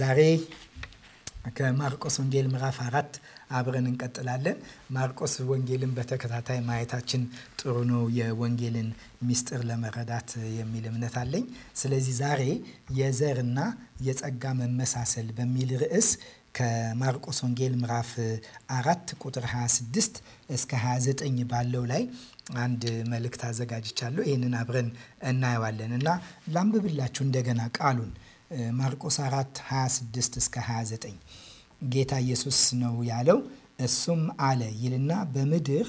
ዛሬ ከማርቆስ ወንጌል ምዕራፍ አራት አብረን እንቀጥላለን። ማርቆስ ወንጌልን በተከታታይ ማየታችን ጥሩ ነው፣ የወንጌልን ሚስጥር ለመረዳት የሚል እምነት አለኝ። ስለዚህ ዛሬ የዘርና የጸጋ መመሳሰል በሚል ርዕስ ከማርቆስ ወንጌል ምዕራፍ አራት ቁጥር 26 እስከ 29 ባለው ላይ አንድ መልእክት አዘጋጅቻለሁ። ይህንን አብረን እናየዋለን እና ላንብብላችሁ እንደገና ቃሉን ማርቆስ 4 26 እስከ 29 ጌታ ኢየሱስ ነው ያለው። እሱም አለ ይልና በምድር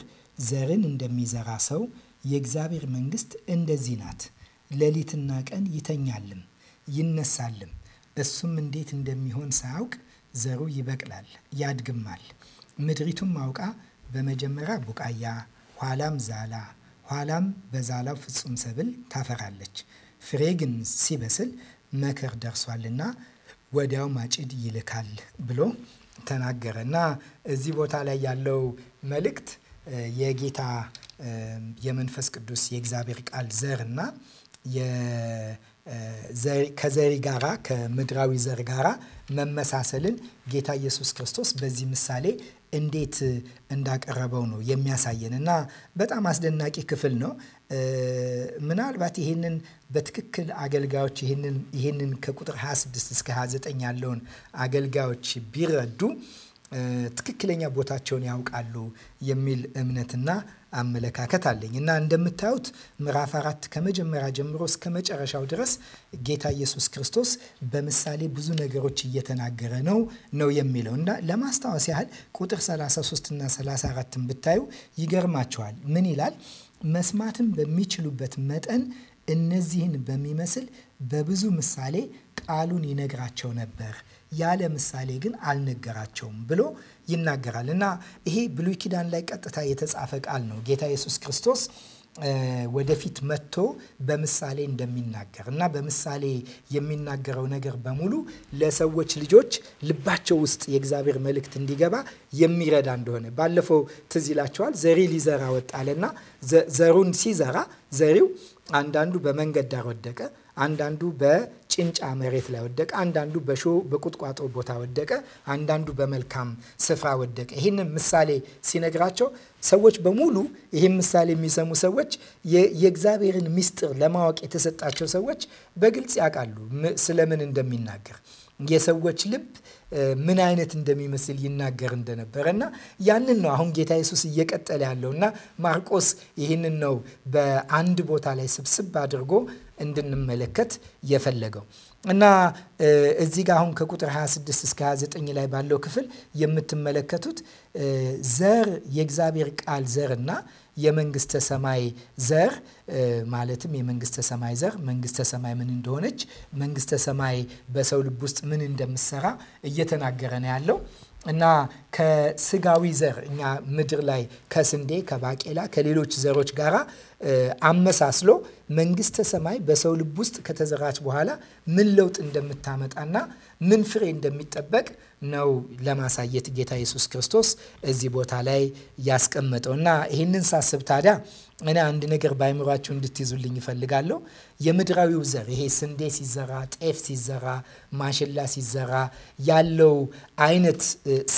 ዘርን እንደሚዘራ ሰው የእግዚአብሔር መንግስት እንደዚህ ናት። ሌሊትና ቀን ይተኛልም ይነሳልም፣ እሱም እንዴት እንደሚሆን ሳያውቅ ዘሩ ይበቅላል ያድግማል። ምድሪቱም አውቃ በመጀመሪያ ቡቃያ፣ ኋላም ዛላ፣ ኋላም በዛላው ፍጹም ሰብል ታፈራለች። ፍሬ ግን ሲበስል መከር ደርሷልና ወዲያው ማጭድ ይልካል ብሎ ተናገረ እና እዚህ ቦታ ላይ ያለው መልእክት የጌታ የመንፈስ ቅዱስ የእግዚአብሔር ቃል ዘር እና ከዘሪ ጋራ ከምድራዊ ዘር ጋራ መመሳሰልን ጌታ ኢየሱስ ክርስቶስ በዚህ ምሳሌ እንዴት እንዳቀረበው ነው የሚያሳየን እና በጣም አስደናቂ ክፍል ነው። ምናልባት ይህንን በትክክል አገልጋዮች ይህንን ከቁጥር 26 እስከ 29 ያለውን አገልጋዮች ቢረዱ ትክክለኛ ቦታቸውን ያውቃሉ የሚል እምነትና አመለካከት አለኝ እና እንደምታዩት ምዕራፍ አራት ከመጀመሪያ ጀምሮ እስከ መጨረሻው ድረስ ጌታ ኢየሱስ ክርስቶስ በምሳሌ ብዙ ነገሮች እየተናገረ ነው ነው የሚለው እና ለማስታወስ ያህል ቁጥር 33 እና 34ን ብታዩ ይገርማቸዋል። ምን ይላል? መስማትን በሚችሉበት መጠን እነዚህን በሚመስል በብዙ ምሳሌ ቃሉን ይነግራቸው ነበር ያለ ምሳሌ ግን አልነገራቸውም ብሎ ይናገራል እና ይሄ ብሉይ ኪዳን ላይ ቀጥታ የተጻፈ ቃል ነው ጌታ ኢየሱስ ክርስቶስ ወደፊት መጥቶ በምሳሌ እንደሚናገር እና በምሳሌ የሚናገረው ነገር በሙሉ ለሰዎች ልጆች ልባቸው ውስጥ የእግዚአብሔር መልእክት እንዲገባ የሚረዳ እንደሆነ ባለፈው ትዝ ይላቸዋል። ዘሪ ሊዘራ ወጣለና ዘሩን ሲዘራ ዘሪው አንዳንዱ በመንገድ ዳር ወደቀ፣ አንዳንዱ በጭንጫ መሬት ላይ ወደቀ፣ አንዳንዱ በሾ በቁጥቋጦ ቦታ ወደቀ፣ አንዳንዱ በመልካም ስፍራ ወደቀ። ይህንን ምሳሌ ሲነግራቸው ሰዎች በሙሉ ይህን ምሳሌ የሚሰሙ ሰዎች የእግዚአብሔርን ምስጢር ለማወቅ የተሰጣቸው ሰዎች በግልጽ ያውቃሉ ስለምን እንደሚናገር የሰዎች ልብ ምን አይነት እንደሚመስል ይናገር እንደነበረ እና ያንን ነው አሁን ጌታ ኢየሱስ እየቀጠለ ያለው እና ማርቆስ ይህንን ነው በአንድ ቦታ ላይ ስብስብ አድርጎ እንድንመለከት የፈለገው እና እዚህ ጋር አሁን ከቁጥር 26 እስከ 29 ላይ ባለው ክፍል የምትመለከቱት ዘር የእግዚአብሔር ቃል ዘር እና የመንግስተ ሰማይ ዘር ማለትም የመንግስተ ሰማይ ዘር መንግስተ ሰማይ ምን እንደሆነች መንግስተ ሰማይ በሰው ልብ ውስጥ ምን እንደምትሰራ እየተናገረ ነው ያለው እና ከስጋዊ ዘር እኛ ምድር ላይ ከስንዴ፣ ከባቄላ፣ ከሌሎች ዘሮች ጋራ አመሳስሎ መንግስተ ሰማይ በሰው ልብ ውስጥ ከተዘራች በኋላ ምን ለውጥ እንደምታመጣና ምን ፍሬ እንደሚጠበቅ ነው ለማሳየት ጌታ ኢየሱስ ክርስቶስ እዚህ ቦታ ላይ ያስቀመጠው እና ይህንን ሳስብ ታዲያ እኔ አንድ ነገር በአይምሯችሁ እንድትይዙልኝ ይፈልጋለሁ። የምድራዊው ዘር ይሄ ስንዴ ሲዘራ፣ ጤፍ ሲዘራ፣ ማሽላ ሲዘራ ያለው አይነት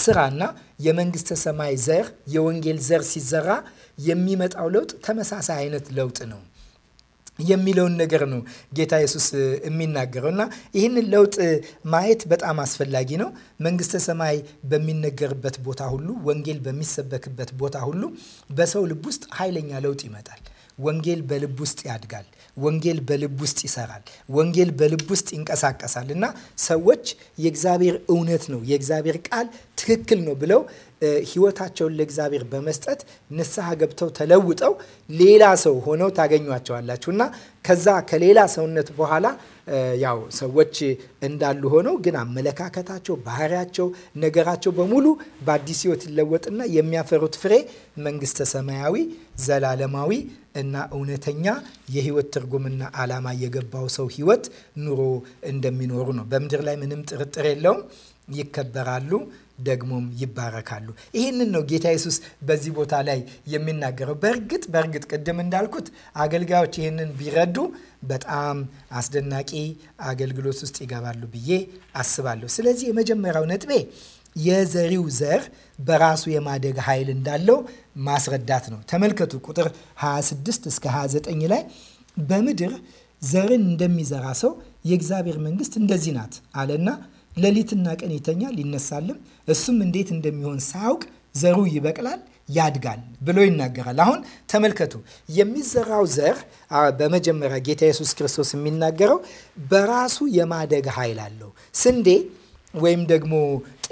ስራና የመንግስተ ሰማይ ዘር የወንጌል ዘር ሲዘራ የሚመጣው ለውጥ ተመሳሳይ አይነት ለውጥ ነው። የሚለውን ነገር ነው ጌታ ኢየሱስ የሚናገረው እና ይህንን ለውጥ ማየት በጣም አስፈላጊ ነው። መንግስተ ሰማይ በሚነገርበት ቦታ ሁሉ፣ ወንጌል በሚሰበክበት ቦታ ሁሉ በሰው ልብ ውስጥ ኃይለኛ ለውጥ ይመጣል። ወንጌል በልብ ውስጥ ያድጋል። ወንጌል በልብ ውስጥ ይሰራል። ወንጌል በልብ ውስጥ ይንቀሳቀሳል እና ሰዎች የእግዚአብሔር እውነት ነው የእግዚአብሔር ቃል ትክክል ነው ብለው ሕይወታቸውን ለእግዚአብሔር በመስጠት ንስሐ ገብተው ተለውጠው ሌላ ሰው ሆነው ታገኟቸዋላችሁ እና ከዛ ከሌላ ሰውነት በኋላ ያው ሰዎች እንዳሉ ሆነው ግን አመለካከታቸው፣ ባህሪያቸው፣ ነገራቸው በሙሉ በአዲስ ሕይወት ይለወጥና የሚያፈሩት ፍሬ መንግስተ ሰማያዊ ዘላለማዊ እና እውነተኛ የህይወት ትርጉምና ዓላማ የገባው ሰው ህይወት ኑሮ እንደሚኖሩ ነው። በምድር ላይ ምንም ጥርጥር የለውም። ይከበራሉ፣ ደግሞም ይባረካሉ። ይህንን ነው ጌታ ኢየሱስ በዚህ ቦታ ላይ የሚናገረው። በእርግጥ በእርግጥ ቅድም እንዳልኩት አገልጋዮች ይህንን ቢረዱ በጣም አስደናቂ አገልግሎት ውስጥ ይገባሉ ብዬ አስባለሁ። ስለዚህ የመጀመሪያው ነጥቤ የዘሪው ዘር በራሱ የማደግ ኃይል እንዳለው ማስረዳት ነው። ተመልከቱ ቁጥር 26 እስከ 29 ላይ በምድር ዘርን እንደሚዘራ ሰው የእግዚአብሔር መንግስት እንደዚህ ናት አለና ሌሊትና ቀን ይተኛል ይነሳልም፣ እሱም እንዴት እንደሚሆን ሳያውቅ ዘሩ ይበቅላል ያድጋል ብሎ ይናገራል። አሁን ተመልከቱ የሚዘራው ዘር በመጀመሪያ ጌታ ኢየሱስ ክርስቶስ የሚናገረው በራሱ የማደግ ኃይል አለው። ስንዴ ወይም ደግሞ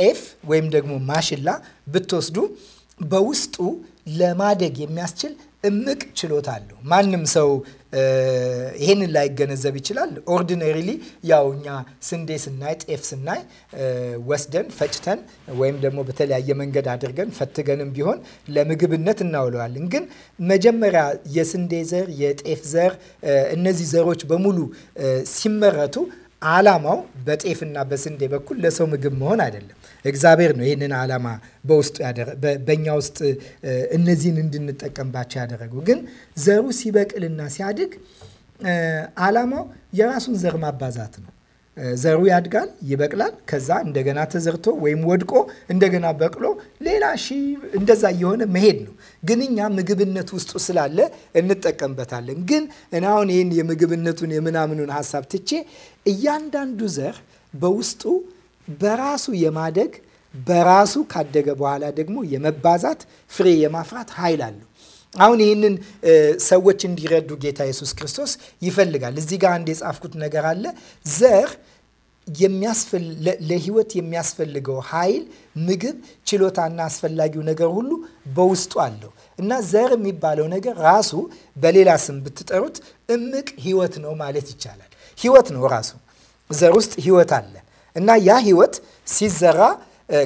ጤፍ ወይም ደግሞ ማሽላ ብትወስዱ በውስጡ ለማደግ የሚያስችል እምቅ ችሎታ አለው። ማንም ሰው ይሄንን ላይገነዘብ ይችላል። ኦርዲነሪሊ ያው እኛ ስንዴ ስናይ፣ ጤፍ ስናይ ወስደን ፈጭተን ወይም ደግሞ በተለያየ መንገድ አድርገን ፈትገንም ቢሆን ለምግብነት እናውለዋለን። ግን መጀመሪያ የስንዴ ዘር፣ የጤፍ ዘር እነዚህ ዘሮች በሙሉ ሲመረቱ ዓላማው በጤፍና በስንዴ በኩል ለሰው ምግብ መሆን አይደለም። እግዚአብሔር ነው ይህንን ዓላማ በውስጡ በእኛ ውስጥ እነዚህን እንድንጠቀምባቸው ያደረገው። ግን ዘሩ ሲበቅልና ሲያድግ ዓላማው የራሱን ዘር ማባዛት ነው። ዘሩ ያድጋል፣ ይበቅላል። ከዛ እንደገና ተዘርቶ ወይም ወድቆ እንደገና በቅሎ ሌላ ሺ እንደዛ እየሆነ መሄድ ነው። ግን እኛ ምግብነት ውስጡ ስላለ እንጠቀምበታለን። ግን እኔ አሁን ይህን የምግብነቱን የምናምኑን ሀሳብ ትቼ እያንዳንዱ ዘር በውስጡ በራሱ የማደግ በራሱ ካደገ በኋላ ደግሞ የመባዛት ፍሬ የማፍራት ኃይል አለው። አሁን ይህንን ሰዎች እንዲረዱ ጌታ ኢየሱስ ክርስቶስ ይፈልጋል። እዚህ ጋር አንድ የጻፍኩት ነገር አለ። ዘር ለህይወት የሚያስፈልገው ኃይል፣ ምግብ፣ ችሎታና አስፈላጊው ነገር ሁሉ በውስጡ አለው እና ዘር የሚባለው ነገር ራሱ በሌላ ስም ብትጠሩት እምቅ ህይወት ነው ማለት ይቻላል። ህይወት ነው ራሱ ዘር ውስጥ ህይወት አለ እና ያ ህይወት ሲዘራ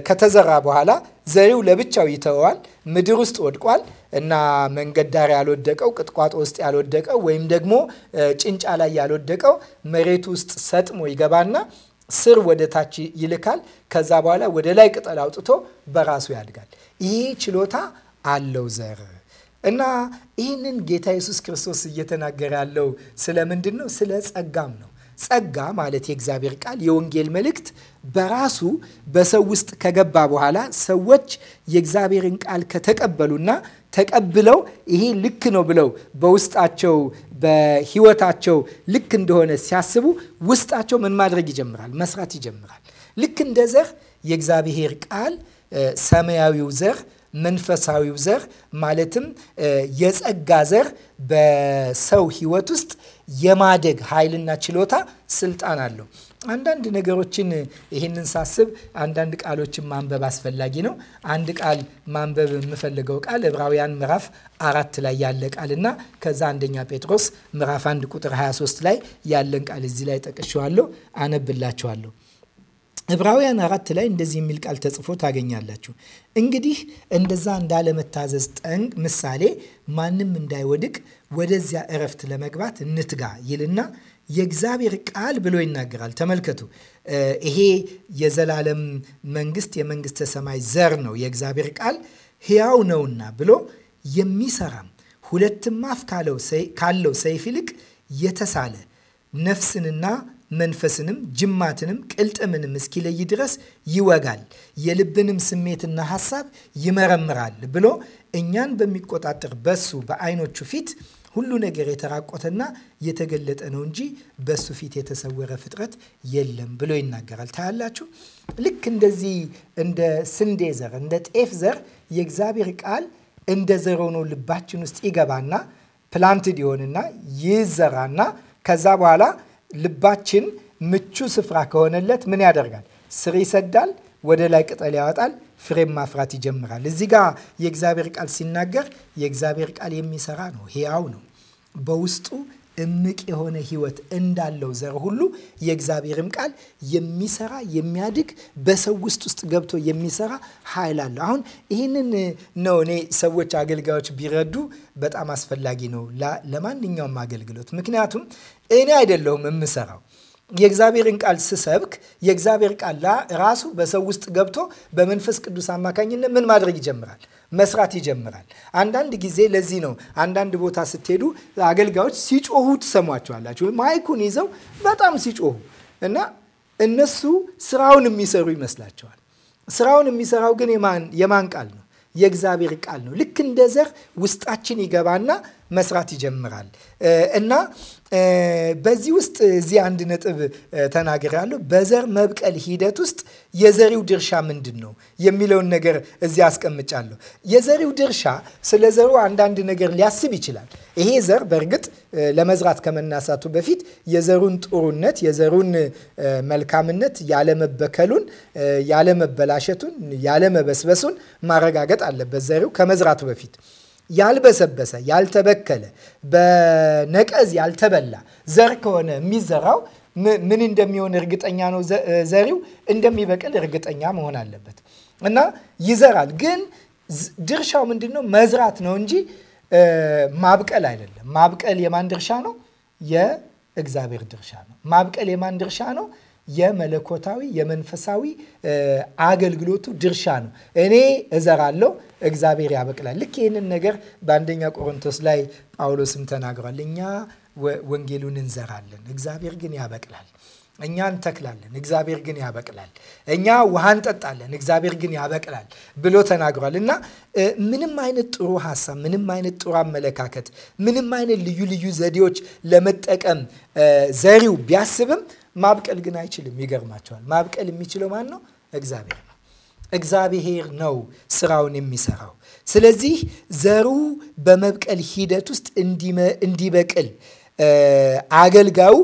ከተዘራ በኋላ ዘሪው ለብቻው ይተወዋል። ምድር ውስጥ ወድቋል እና መንገድ ዳር ያልወደቀው ቅጥቋጦ ውስጥ ያልወደቀው ወይም ደግሞ ጭንጫ ላይ ያልወደቀው መሬት ውስጥ ሰጥሞ ይገባና ስር ወደ ታች ይልካል። ከዛ በኋላ ወደ ላይ ቅጠል አውጥቶ በራሱ ያድጋል። ይህ ችሎታ አለው ዘር እና ይህንን ጌታ ኢየሱስ ክርስቶስ እየተናገረ ያለው ስለምንድን ነው? ስለ ጸጋም ነው። ጸጋ ማለት የእግዚአብሔር ቃል የወንጌል መልእክት በራሱ በሰው ውስጥ ከገባ በኋላ ሰዎች የእግዚአብሔርን ቃል ከተቀበሉና ተቀብለው ይሄ ልክ ነው ብለው በውስጣቸው በህይወታቸው ልክ እንደሆነ ሲያስቡ ውስጣቸው ምን ማድረግ ይጀምራል? መስራት ይጀምራል። ልክ እንደ ዘር የእግዚአብሔር ቃል ሰማያዊው ዘር መንፈሳዊው ዘር ማለትም የጸጋ ዘር በሰው ህይወት ውስጥ የማደግ ኃይልና ችሎታ ስልጣን አለው። አንዳንድ ነገሮችን ይህንን ሳስብ አንዳንድ ቃሎችን ማንበብ አስፈላጊ ነው። አንድ ቃል ማንበብ የምፈልገው ቃል ዕብራውያን ምዕራፍ አራት ላይ ያለ ቃል እና ከዛ አንደኛ ጴጥሮስ ምዕራፍ አንድ ቁጥር 23 ላይ ያለን ቃል እዚህ ላይ ጠቅሼዋለሁ፣ አነብላችኋለሁ። ዕብራውያን አራት ላይ እንደዚህ የሚል ቃል ተጽፎ ታገኛላችሁ። እንግዲህ እንደዛ እንዳለመታዘዝ ጠንቅ ምሳሌ ማንም እንዳይወድቅ ወደዚያ እረፍት ለመግባት እንትጋ ይልና የእግዚአብሔር ቃል ብሎ ይናገራል። ተመልከቱ፣ ይሄ የዘላለም መንግስት የመንግስተ ሰማይ ዘር ነው። የእግዚአብሔር ቃል ሕያው ነውና ብሎ የሚሰራም ሁለትም አፍ ካለው ሰይፍ ይልቅ የተሳለ ነፍስንና መንፈስንም ጅማትንም ቅልጥምንም እስኪለይ ድረስ ይወጋል፣ የልብንም ስሜትና ሐሳብ ይመረምራል ብሎ እኛን በሚቆጣጠር በሱ በአይኖቹ ፊት ሁሉ ነገር የተራቆተና የተገለጠ ነው እንጂ በሱ ፊት የተሰወረ ፍጥረት የለም ብሎ ይናገራል። ታያላችሁ። ልክ እንደዚህ እንደ ስንዴ ዘር እንደ ጤፍ ዘር የእግዚአብሔር ቃል እንደ ዘር ሆኖ ልባችን ውስጥ ይገባና ፕላንትድ ይሆንና ይዘራና ከዛ በኋላ ልባችን ምቹ ስፍራ ከሆነለት ምን ያደርጋል? ስር ይሰዳል፣ ወደ ላይ ቅጠል ያወጣል፣ ፍሬም ማፍራት ይጀምራል። እዚህ ጋ የእግዚአብሔር ቃል ሲናገር የእግዚአብሔር ቃል የሚሰራ ነው፣ ሕያው ነው። በውስጡ እምቅ የሆነ ህይወት እንዳለው ዘር ሁሉ የእግዚአብሔርም ቃል የሚሰራ የሚያድግ በሰው ውስጥ ውስጥ ገብቶ የሚሰራ ኃይል አለው። አሁን ይህንን ነው እኔ ሰዎች አገልጋዮች ቢረዱ በጣም አስፈላጊ ነው ለማንኛውም አገልግሎት። ምክንያቱም እኔ አይደለሁም የምሰራው የእግዚአብሔርን ቃል ስሰብክ የእግዚአብሔር ቃል ራሱ በሰው ውስጥ ገብቶ በመንፈስ ቅዱስ አማካኝነት ምን ማድረግ ይጀምራል መስራት ይጀምራል። አንዳንድ ጊዜ ለዚህ ነው አንዳንድ ቦታ ስትሄዱ አገልጋዮች ሲጮሁ ትሰሟቸዋላችሁ። ማይኩን ይዘው በጣም ሲጮሁ እና እነሱ ስራውን የሚሰሩ ይመስላቸዋል። ስራውን የሚሰራው ግን የማን ቃል ነው? የእግዚአብሔር ቃል ነው። ልክ እንደ ዘር ውስጣችን ይገባና መስራት ይጀምራል እና በዚህ ውስጥ እዚህ አንድ ነጥብ ተናግሬያለሁ። በዘር መብቀል ሂደት ውስጥ የዘሪው ድርሻ ምንድን ነው የሚለውን ነገር እዚህ አስቀምጫለሁ። የዘሪው ድርሻ ስለ ዘሩ አንዳንድ ነገር ሊያስብ ይችላል። ይሄ ዘር በእርግጥ ለመዝራት ከመናሳቱ በፊት የዘሩን ጥሩነት፣ የዘሩን መልካምነት፣ ያለመበከሉን፣ ያለመበላሸቱን፣ ያለመበስበሱን ማረጋገጥ አለበት ዘሪው ከመዝራቱ በፊት ያልበሰበሰ፣ ያልተበከለ፣ በነቀዝ ያልተበላ ዘር ከሆነ የሚዘራው ምን እንደሚሆን እርግጠኛ ነው። ዘሪው እንደሚበቅል እርግጠኛ መሆን አለበት እና ይዘራል። ግን ድርሻው ምንድን ነው? መዝራት ነው እንጂ ማብቀል አይደለም። ማብቀል የማን ድርሻ ነው? የእግዚአብሔር ድርሻ ነው። ማብቀል የማን ድርሻ ነው? የመለኮታዊ የመንፈሳዊ አገልግሎቱ ድርሻ ነው። እኔ እዘራለሁ፣ እግዚአብሔር ያበቅላል። ልክ ይህንን ነገር በአንደኛ ቆሮንቶስ ላይ ጳውሎስም ተናግሯል። እኛ ወንጌሉን እንዘራለን፣ እግዚአብሔር ግን ያበቅላል። እኛ እንተክላለን፣ እግዚአብሔር ግን ያበቅላል። እኛ ውሃ እንጠጣለን፣ እግዚአብሔር ግን ያበቅላል ብሎ ተናግሯል። እና ምንም አይነት ጥሩ ሀሳብ፣ ምንም አይነት ጥሩ አመለካከት፣ ምንም አይነት ልዩ ልዩ ዘዴዎች ለመጠቀም ዘሪው ቢያስብም ማብቀል ግን አይችልም። ይገርማቸዋል። ማብቀል የሚችለው ማን ነው? እግዚአብሔር ነው። እግዚአብሔር ነው ስራውን የሚሰራው። ስለዚህ ዘሩ በመብቀል ሂደት ውስጥ እንዲበቅል አገልጋዩ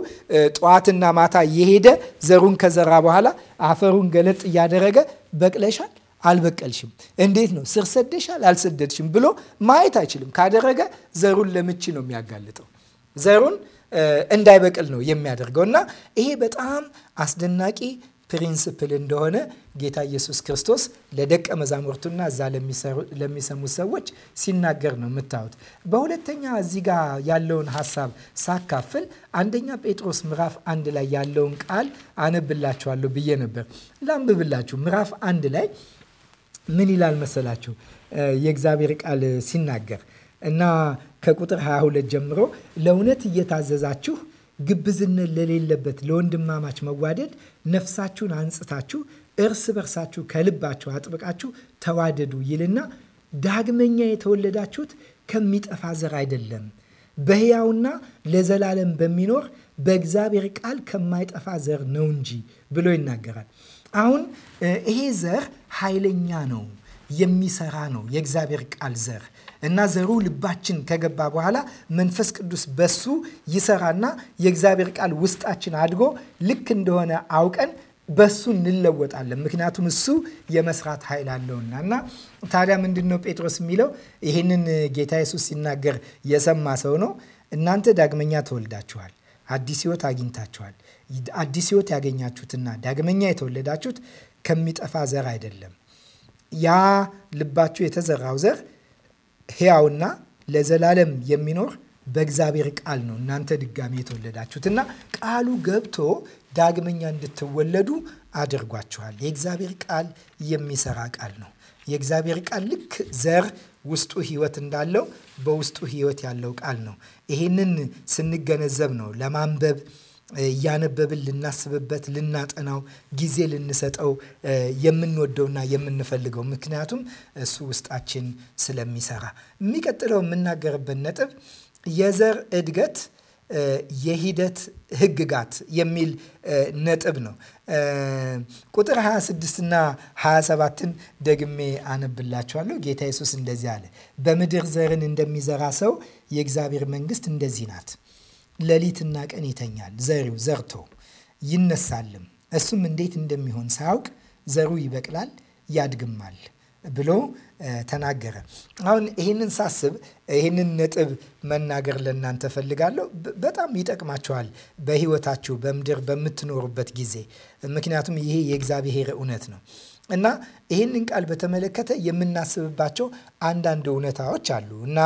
ጠዋትና ማታ እየሄደ ዘሩን ከዘራ በኋላ አፈሩን ገለጥ እያደረገ በቅለሻል፣ አልበቀልሽም፣ እንዴት ነው ስር ሰደሻል፣ አልሰደድሽም ብሎ ማየት አይችልም። ካደረገ ዘሩን ለምች ነው የሚያጋልጠው። ዘሩን እንዳይበቅል ነው የሚያደርገው እና ይሄ በጣም አስደናቂ ፕሪንስፕል እንደሆነ ጌታ ኢየሱስ ክርስቶስ ለደቀ መዛሙርቱና እዛ ለሚሰሙት ሰዎች ሲናገር ነው የምታዩት። በሁለተኛ እዚህ ጋ ያለውን ሀሳብ ሳካፍል አንደኛ ጴጥሮስ ምዕራፍ አንድ ላይ ያለውን ቃል አነብላችኋለሁ ብዬ ነበር። ላንብብላችሁ። ምዕራፍ አንድ ላይ ምን ይላል መሰላችሁ የእግዚአብሔር ቃል ሲናገር እና ከቁጥር 22 ጀምሮ ለእውነት እየታዘዛችሁ ግብዝነት ለሌለበት ለወንድማማች መዋደድ ነፍሳችሁን አንጽታችሁ እርስ በርሳችሁ ከልባችሁ አጥብቃችሁ ተዋደዱ ይልና ዳግመኛ የተወለዳችሁት ከሚጠፋ ዘር አይደለም በሕያውና ለዘላለም በሚኖር በእግዚአብሔር ቃል ከማይጠፋ ዘር ነው እንጂ ብሎ ይናገራል። አሁን ይሄ ዘር ኃይለኛ ነው፣ የሚሰራ ነው። የእግዚአብሔር ቃል ዘር እና ዘሩ ልባችን ከገባ በኋላ መንፈስ ቅዱስ በሱ ይሰራና የእግዚአብሔር ቃል ውስጣችን አድጎ ልክ እንደሆነ አውቀን በሱ እንለወጣለን። ምክንያቱም እሱ የመስራት ኃይል አለውና። እና ታዲያ ምንድን ነው ጴጥሮስ የሚለው? ይህንን ጌታ የሱስ ሲናገር የሰማ ሰው ነው። እናንተ ዳግመኛ ተወልዳችኋል፣ አዲስ ሕይወት አግኝታችኋል። አዲስ ሕይወት ያገኛችሁትና ዳግመኛ የተወለዳችሁት ከሚጠፋ ዘር አይደለም። ያ ልባችሁ የተዘራው ዘር ሕያውና ለዘላለም የሚኖር በእግዚአብሔር ቃል ነው እናንተ ድጋሚ የተወለዳችሁት እና ቃሉ ገብቶ ዳግመኛ እንድትወለዱ አድርጓችኋል። የእግዚአብሔር ቃል የሚሰራ ቃል ነው። የእግዚአብሔር ቃል ልክ ዘር ውስጡ ህይወት እንዳለው በውስጡ ህይወት ያለው ቃል ነው። ይሄንን ስንገነዘብ ነው ለማንበብ እያነበብን ልናስብበት፣ ልናጠናው፣ ጊዜ ልንሰጠው የምንወደውና የምንፈልገው ምክንያቱም እሱ ውስጣችን ስለሚሰራ። የሚቀጥለው የምናገርበት ነጥብ የዘር እድገት የሂደት ህግጋት የሚል ነጥብ ነው። ቁጥር 26 እና 27ን ደግሜ አነብላችኋለሁ። ጌታ የሱስ እንደዚህ አለ፣ በምድር ዘርን እንደሚዘራ ሰው የእግዚአብሔር መንግስት እንደዚህ ናት። ሌሊትና ቀን ይተኛል። ዘሪው ዘርቶ ይነሳልም፣ እሱም እንዴት እንደሚሆን ሳያውቅ ዘሩ ይበቅላል ያድግማል ብሎ ተናገረ። አሁን ይህንን ሳስብ ይህንን ነጥብ መናገር ለእናንተ ፈልጋለሁ። በጣም ይጠቅማችኋል በህይወታችሁ በምድር በምትኖሩበት ጊዜ፣ ምክንያቱም ይሄ የእግዚአብሔር እውነት ነው። እና ይህንን ቃል በተመለከተ የምናስብባቸው አንዳንድ እውነታዎች አሉ እና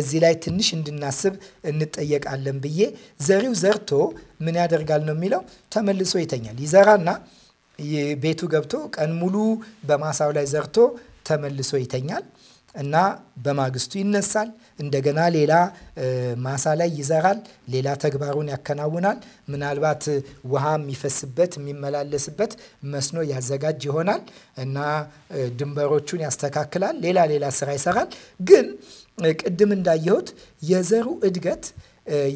እዚህ ላይ ትንሽ እንድናስብ እንጠየቃለን ብዬ ዘሪው ዘርቶ ምን ያደርጋል ነው የሚለው ተመልሶ ይተኛል። ይዘራና ቤቱ ገብቶ ቀን ሙሉ በማሳው ላይ ዘርቶ ተመልሶ ይተኛል። እና በማግስቱ ይነሳል። እንደገና ሌላ ማሳ ላይ ይዘራል፣ ሌላ ተግባሩን ያከናውናል። ምናልባት ውሃ የሚፈስበት የሚመላለስበት መስኖ ያዘጋጅ ይሆናል እና ድንበሮቹን ያስተካክላል፣ ሌላ ሌላ ስራ ይሰራል። ግን ቅድም እንዳየሁት የዘሩ እድገት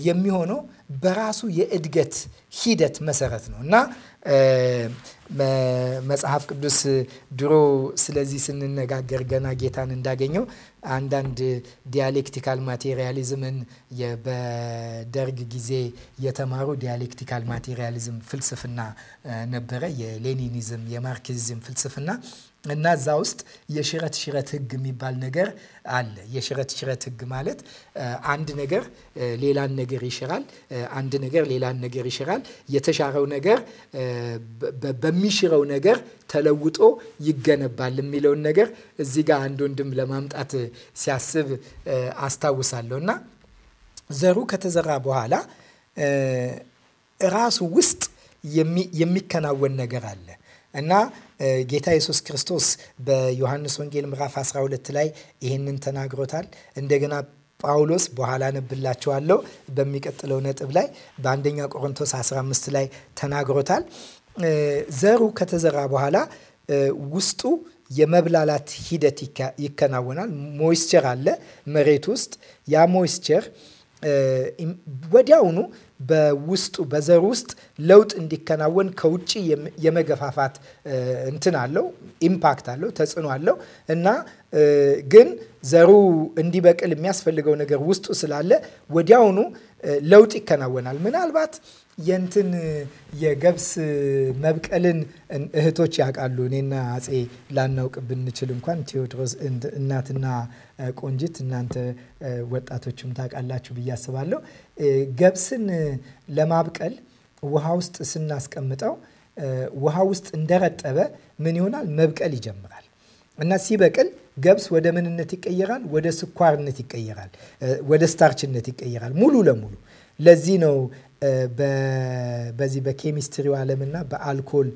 የሚሆነው በራሱ የእድገት ሂደት መሰረት ነው እና መጽሐፍ ቅዱስ ድሮ ስለዚህ ስንነጋገር ገና ጌታን እንዳገኘው አንዳንድ ዲያሌክቲካል ማቴሪያሊዝምን በደርግ ጊዜ የተማሩ ዲያሌክቲካል ማቴሪያሊዝም ፍልስፍና ነበረ። የሌኒኒዝም የማርክሲዝም ፍልስፍና እና እዛ ውስጥ የሽረት ሽረት ህግ የሚባል ነገር አለ። የሽረት ሽረት ህግ ማለት አንድ ነገር ሌላን ነገር ይሽራል፣ አንድ ነገር ሌላን ነገር ይሽራል። የተሻረው ነገር በሚሽረው ነገር ተለውጦ ይገነባል የሚለውን ነገር እዚህ ጋር አንድ ወንድም ለማምጣት ሲያስብ አስታውሳለሁ። እና ዘሩ ከተዘራ በኋላ ራሱ ውስጥ የሚከናወን ነገር አለ እና ጌታ ኢየሱስ ክርስቶስ በዮሐንስ ወንጌል ምዕራፍ 12 ላይ ይህንን ተናግሮታል። እንደገና ጳውሎስ በኋላ ነብላቸዋለሁ በሚቀጥለው ነጥብ ላይ በአንደኛ ቆሮንቶስ 15 ላይ ተናግሮታል። ዘሩ ከተዘራ በኋላ ውስጡ የመብላላት ሂደት ይከናወናል። ሞይስቸር አለ መሬት ውስጥ ያ ሞይስቸር ወዲያውኑ በውስጡ በዘር ውስጥ ለውጥ እንዲከናወን ከውጭ የመገፋፋት እንትን አለው፣ ኢምፓክት አለው፣ ተጽዕኖ አለው እና ግን ዘሩ እንዲበቅል የሚያስፈልገው ነገር ውስጡ ስላለ ወዲያውኑ ለውጥ ይከናወናል። ምናልባት የንትን የገብስ መብቀልን እህቶች ያውቃሉ። እኔና አፄ ላናውቅ ብንችል እንኳን ቴዎድሮስ እናትና ቆንጅት እናንተ ወጣቶችም ታውቃላችሁ ብዬ አስባለሁ። ገብስን ለማብቀል ውሃ ውስጥ ስናስቀምጠው ውሃ ውስጥ እንደረጠበ ምን ይሆናል? መብቀል ይጀምራል። እና ሲበቅል ገብስ ወደ ምንነት ይቀየራል? ወደ ስኳርነት ይቀየራል፣ ወደ ስታርችነት ይቀየራል ሙሉ ለሙሉ። ለዚህ ነው በዚህ በኬሚስትሪው ዓለምና በአልኮል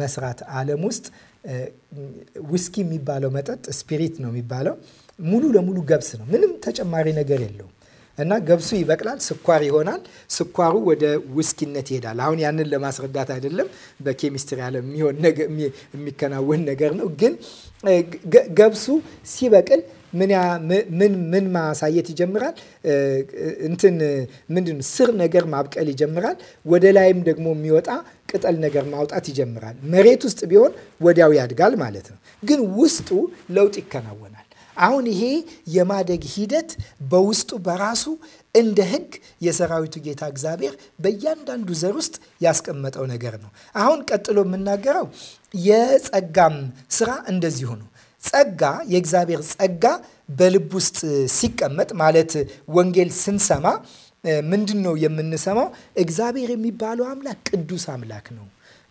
መስራት ዓለም ውስጥ ዊስኪ የሚባለው መጠጥ ስፒሪት ነው የሚባለው ሙሉ ለሙሉ ገብስ ነው። ምንም ተጨማሪ ነገር የለውም። እና ገብሱ ይበቅላል፣ ስኳር ይሆናል። ስኳሩ ወደ ውስኪነት ይሄዳል። አሁን ያንን ለማስረዳት አይደለም፣ በኬሚስትሪ ዓለም የሚከናወን ነገር ነው። ግን ገብሱ ሲበቅል ምን ማሳየት ይጀምራል? እንትን ምንድን ስር ነገር ማብቀል ይጀምራል። ወደ ላይም ደግሞ የሚወጣ ቅጠል ነገር ማውጣት ይጀምራል። መሬት ውስጥ ቢሆን ወዲያው ያድጋል ማለት ነው። ግን ውስጡ ለውጥ ይከናወናል። አሁን ይሄ የማደግ ሂደት በውስጡ በራሱ እንደ ህግ የሰራዊቱ ጌታ እግዚአብሔር በእያንዳንዱ ዘር ውስጥ ያስቀመጠው ነገር ነው። አሁን ቀጥሎ የምናገረው የጸጋም ስራ እንደዚሁ ነው። ጸጋ የእግዚአብሔር ጸጋ በልብ ውስጥ ሲቀመጥ ማለት ወንጌል ስንሰማ ምንድን ነው የምንሰማው? እግዚአብሔር የሚባለው አምላክ ቅዱስ አምላክ ነው።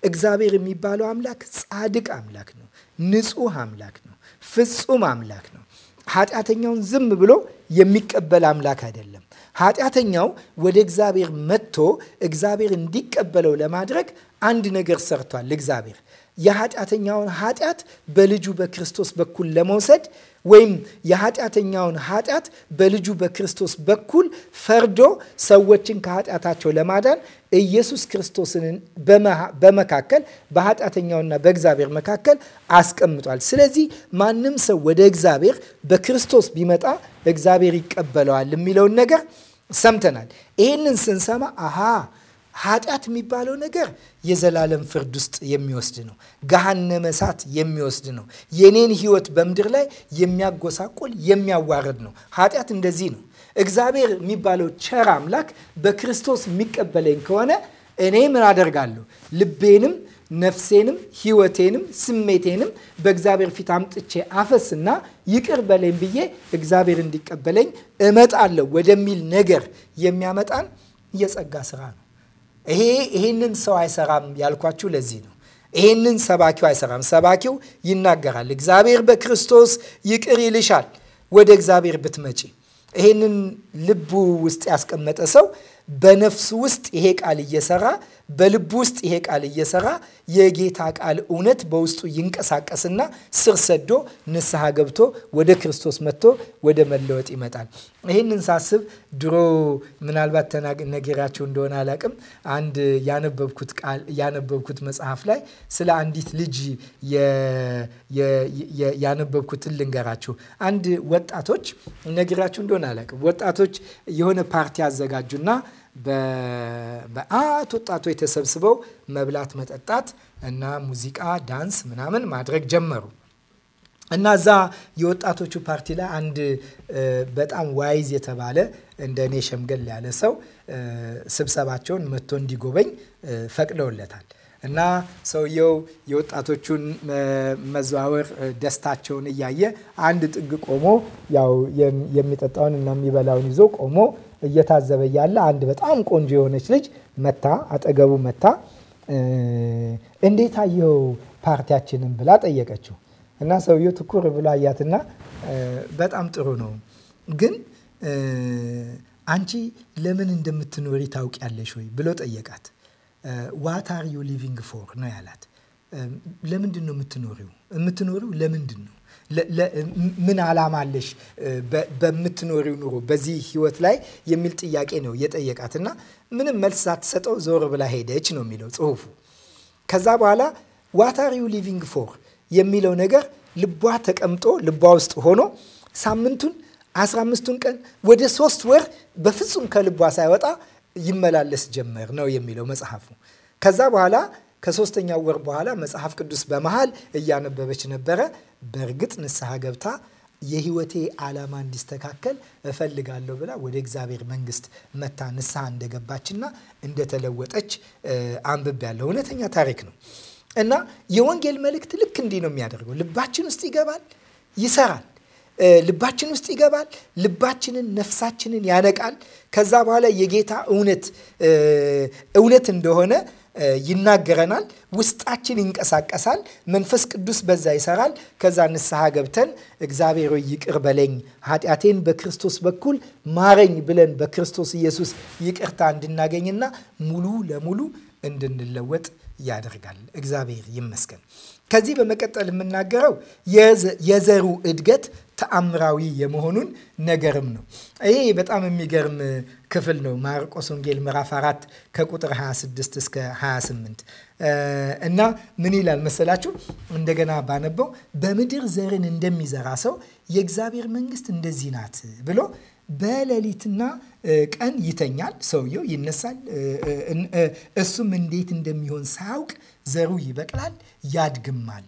እግዚአብሔር የሚባለው አምላክ ጻድቅ አምላክ ነው። ንጹህ አምላክ ነው። ፍጹም አምላክ ነው። ኃጢአተኛውን ዝም ብሎ የሚቀበል አምላክ አይደለም። ኃጢአተኛው ወደ እግዚአብሔር መጥቶ እግዚአብሔር እንዲቀበለው ለማድረግ አንድ ነገር ሰርቷል። እግዚአብሔር የኃጢአተኛውን ኃጢአት በልጁ በክርስቶስ በኩል ለመውሰድ ወይም የኃጢአተኛውን ኃጢአት በልጁ በክርስቶስ በኩል ፈርዶ ሰዎችን ከኃጢአታቸው ለማዳን ኢየሱስ ክርስቶስን በመካከል በኃጢአተኛውና በእግዚአብሔር መካከል አስቀምጧል። ስለዚህ ማንም ሰው ወደ እግዚአብሔር በክርስቶስ ቢመጣ እግዚአብሔር ይቀበለዋል የሚለውን ነገር ሰምተናል። ይህንን ስንሰማ አሃ ኃጢአት የሚባለው ነገር የዘላለም ፍርድ ውስጥ የሚወስድ ነው። ገሃነመ እሳት የሚወስድ ነው። የኔን ህይወት በምድር ላይ የሚያጎሳቁል የሚያዋረድ ነው። ኃጢአት እንደዚህ ነው። እግዚአብሔር የሚባለው ቸር አምላክ በክርስቶስ የሚቀበለኝ ከሆነ እኔ ምን አደርጋለሁ? ልቤንም ነፍሴንም ህይወቴንም ስሜቴንም በእግዚአብሔር ፊት አምጥቼ አፈስና ይቅር በለኝ ብዬ እግዚአብሔር እንዲቀበለኝ እመጣለሁ ወደሚል ነገር የሚያመጣን የጸጋ ስራ ነው። ይሄ ይሄንን ሰው አይሰራም ያልኳችሁ ለዚህ ነው። ይሄንን ሰባኪው አይሰራም። ሰባኪው ይናገራል። እግዚአብሔር በክርስቶስ ይቅር ይልሻል ወደ እግዚአብሔር ብትመጪ። ይሄንን ልቡ ውስጥ ያስቀመጠ ሰው በነፍሱ ውስጥ ይሄ ቃል እየሰራ በልብ ውስጥ ይሄ ቃል እየሰራ የጌታ ቃል እውነት በውስጡ ይንቀሳቀስና ስር ሰዶ ንስሐ ገብቶ ወደ ክርስቶስ መጥቶ ወደ መለወጥ ይመጣል። ይህንን ሳስብ ድሮ ምናልባት ነግሬያችሁ እንደሆነ አላቅም፣ አንድ ያነበብኩት ቃል ያነበብኩት መጽሐፍ ላይ ስለ አንዲት ልጅ ያነበብኩት ልንገራችሁ። አንድ ወጣቶች ነግሬያችሁ እንደሆነ አላቅም፣ ወጣቶች የሆነ ፓርቲ አዘጋጁና በአት ወጣቶች ተሰብስበው መብላት፣ መጠጣት እና ሙዚቃ፣ ዳንስ ምናምን ማድረግ ጀመሩ እና እዛ የወጣቶቹ ፓርቲ ላይ አንድ በጣም ዋይዝ የተባለ እንደ እኔ ሸምገል ያለ ሰው ስብሰባቸውን መጥቶ እንዲጎበኝ ፈቅደውለታል። እና ሰውየው የወጣቶቹን መዘዋወር ደስታቸውን እያየ አንድ ጥግ ቆሞ ያው የሚጠጣውን እና የሚበላውን ይዞ ቆሞ እየታዘበ ያለ አንድ በጣም ቆንጆ የሆነች ልጅ መታ አጠገቡ መታ እንዴት አየው ፓርቲያችንን ብላ ጠየቀችው እና ሰውየው ትኩር ብሎ አያትና በጣም ጥሩ ነው ግን አንቺ ለምን እንደምትኖሪ ታውቂያለሽ ወይ ብሎ ጠየቃት። ዋት አር ዩ ሊቪንግ ፎር ነው ያላት። ለምንድን ነው የምትኖሪው? የምትኖሪው ለምንድን ነው? ምን አላማ አለሽ በምትኖሪው ኑሮ በዚህ ህይወት ላይ የሚል ጥያቄ ነው የጠየቃት እና ምንም መልስ ሳትሰጠው ዞር ብላ ሄደች ነው የሚለው ጽሁፉ። ከዛ በኋላ ዋታሪው ሊቪንግ ፎር የሚለው ነገር ልቧ ተቀምጦ ልቧ ውስጥ ሆኖ ሳምንቱን 15 አምስቱን ቀን ወደ ሶስት ወር በፍጹም ከልቧ ሳይወጣ ይመላለስ ጀመር ነው የሚለው መጽሐፉ። ከዛ በኋላ ከሶስተኛው ወር በኋላ መጽሐፍ ቅዱስ በመሃል እያነበበች ነበረ። በእርግጥ ንስሐ ገብታ የህይወቴ ዓላማ እንዲስተካከል እፈልጋለሁ ብላ ወደ እግዚአብሔር መንግስት መታ ንስሐ እንደገባችና እንደተለወጠች አንብብ ያለው እውነተኛ ታሪክ ነው እና የወንጌል መልእክት ልክ እንዲህ ነው የሚያደርገው። ልባችን ውስጥ ይገባል፣ ይሰራል። ልባችን ውስጥ ይገባል፣ ልባችንን፣ ነፍሳችንን ያነቃል። ከዛ በኋላ የጌታ እውነት እውነት እንደሆነ ይናገረናል። ውስጣችን ይንቀሳቀሳል። መንፈስ ቅዱስ በዛ ይሰራል። ከዛ ንስሐ ገብተን እግዚአብሔር ይቅር በለኝ፣ ኃጢአቴን በክርስቶስ በኩል ማረኝ ብለን በክርስቶስ ኢየሱስ ይቅርታ እንድናገኝና ሙሉ ለሙሉ እንድንለወጥ ያደርጋል። እግዚአብሔር ይመስገን። ከዚህ በመቀጠል የምናገረው የዘሩ እድገት ተአምራዊ የመሆኑን ነገርም ነው። ይሄ በጣም የሚገርም ክፍል ነው። ማርቆስ ወንጌል ምዕራፍ 4 ከቁጥር 26 እስከ 28 እና ምን ይላል መሰላችሁ? እንደገና ባነበው በምድር ዘርን እንደሚዘራ ሰው የእግዚአብሔር መንግስት እንደዚህ ናት ብሎ በሌሊትና ቀን ይተኛል። ሰውየው ይነሳል። እሱም እንዴት እንደሚሆን ሳያውቅ ዘሩ ይበቅላል ያድግማል።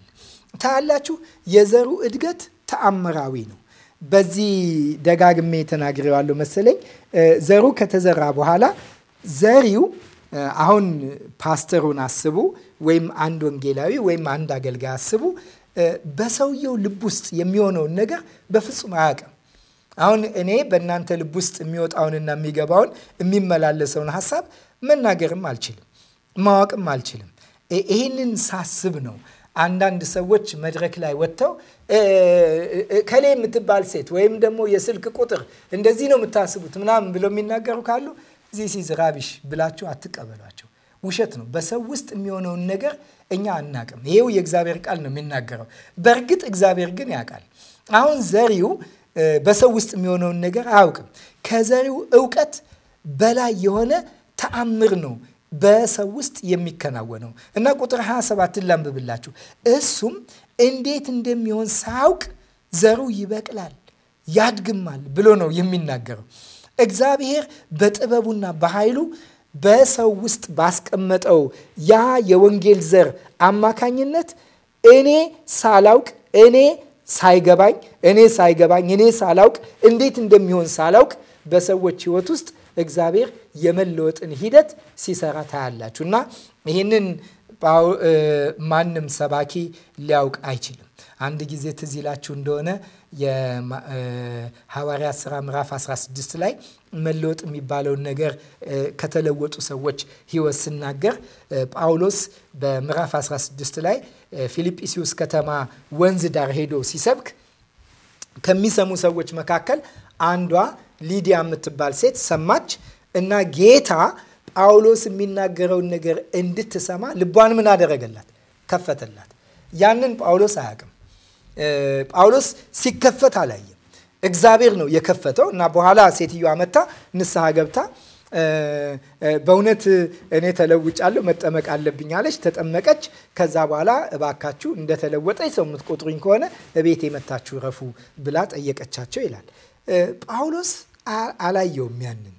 ታያላችሁ የዘሩ እድገት ተአምራዊ ነው። በዚህ ደጋግሜ ተናግሬዋለሁ መሰለኝ። ዘሩ ከተዘራ በኋላ ዘሪው አሁን ፓስተሩን አስቡ፣ ወይም አንድ ወንጌላዊ ወይም አንድ አገልጋይ አስቡ። በሰውየው ልብ ውስጥ የሚሆነውን ነገር በፍጹም አያውቅም። አሁን እኔ በእናንተ ልብ ውስጥ የሚወጣውንና የሚገባውን የሚመላለሰውን ሀሳብ መናገርም አልችልም፣ ማወቅም አልችልም። ይህንን ሳስብ ነው አንዳንድ ሰዎች መድረክ ላይ ወጥተው ከሌ የምትባል ሴት ወይም ደግሞ የስልክ ቁጥር እንደዚህ ነው የምታስቡት ምናምን ብለው የሚናገሩ ካሉ ዚስ ኢዝ ራቢሽ ብላችሁ አትቀበሏቸው። ውሸት ነው። በሰው ውስጥ የሚሆነውን ነገር እኛ አናቅም። ይሄው የእግዚአብሔር ቃል ነው የሚናገረው። በእርግጥ እግዚአብሔር ግን ያውቃል። አሁን ዘሪው በሰው ውስጥ የሚሆነውን ነገር አያውቅም። ከዘሪው እውቀት በላይ የሆነ ተአምር ነው በሰው ውስጥ የሚከናወነው እና ቁጥር 27ን ላንብብላችሁ። እሱም እንዴት እንደሚሆን ሳያውቅ ዘሩ ይበቅላል ያድግማል ብሎ ነው የሚናገረው። እግዚአብሔር በጥበቡና በኃይሉ በሰው ውስጥ ባስቀመጠው ያ የወንጌል ዘር አማካኝነት እኔ ሳላውቅ እኔ ሳይገባኝ እኔ ሳይገባኝ እኔ ሳላውቅ እንዴት እንደሚሆን ሳላውቅ በሰዎች ሕይወት ውስጥ እግዚአብሔር የመለወጥን ሂደት ሲሰራ ታያላችሁ እና ይህንን ማንም ሰባኪ ሊያውቅ አይችልም። አንድ ጊዜ ትዝ ይላችሁ እንደሆነ የሐዋርያት ስራ ምዕራፍ 16 ላይ መለወጥ የሚባለውን ነገር ከተለወጡ ሰዎች ህይወት ስናገር ጳውሎስ በምዕራፍ 16 ላይ ፊልጵስዩስ ከተማ ወንዝ ዳር ሄዶ ሲሰብክ ከሚሰሙ ሰዎች መካከል አንዷ ሊዲያ የምትባል ሴት ሰማች እና ጌታ ጳውሎስ የሚናገረውን ነገር እንድትሰማ ልቧን ምን አደረገላት? ከፈተላት። ያንን ጳውሎስ አያውቅም። ጳውሎስ ሲከፈት አላየም። እግዚአብሔር ነው የከፈተው እና በኋላ ሴትዮዋ መታ ንስሐ ገብታ በእውነት እኔ ተለውጫለሁ መጠመቅ አለብኝ አለች። ተጠመቀች። ከዛ በኋላ እባካችሁ እንደተለወጠች ሰው የምትቆጥሩኝ ከሆነ እቤት የመታችሁ ረፉ ብላ ጠየቀቻቸው ይላል ጳውሎስ አላየውም ያንን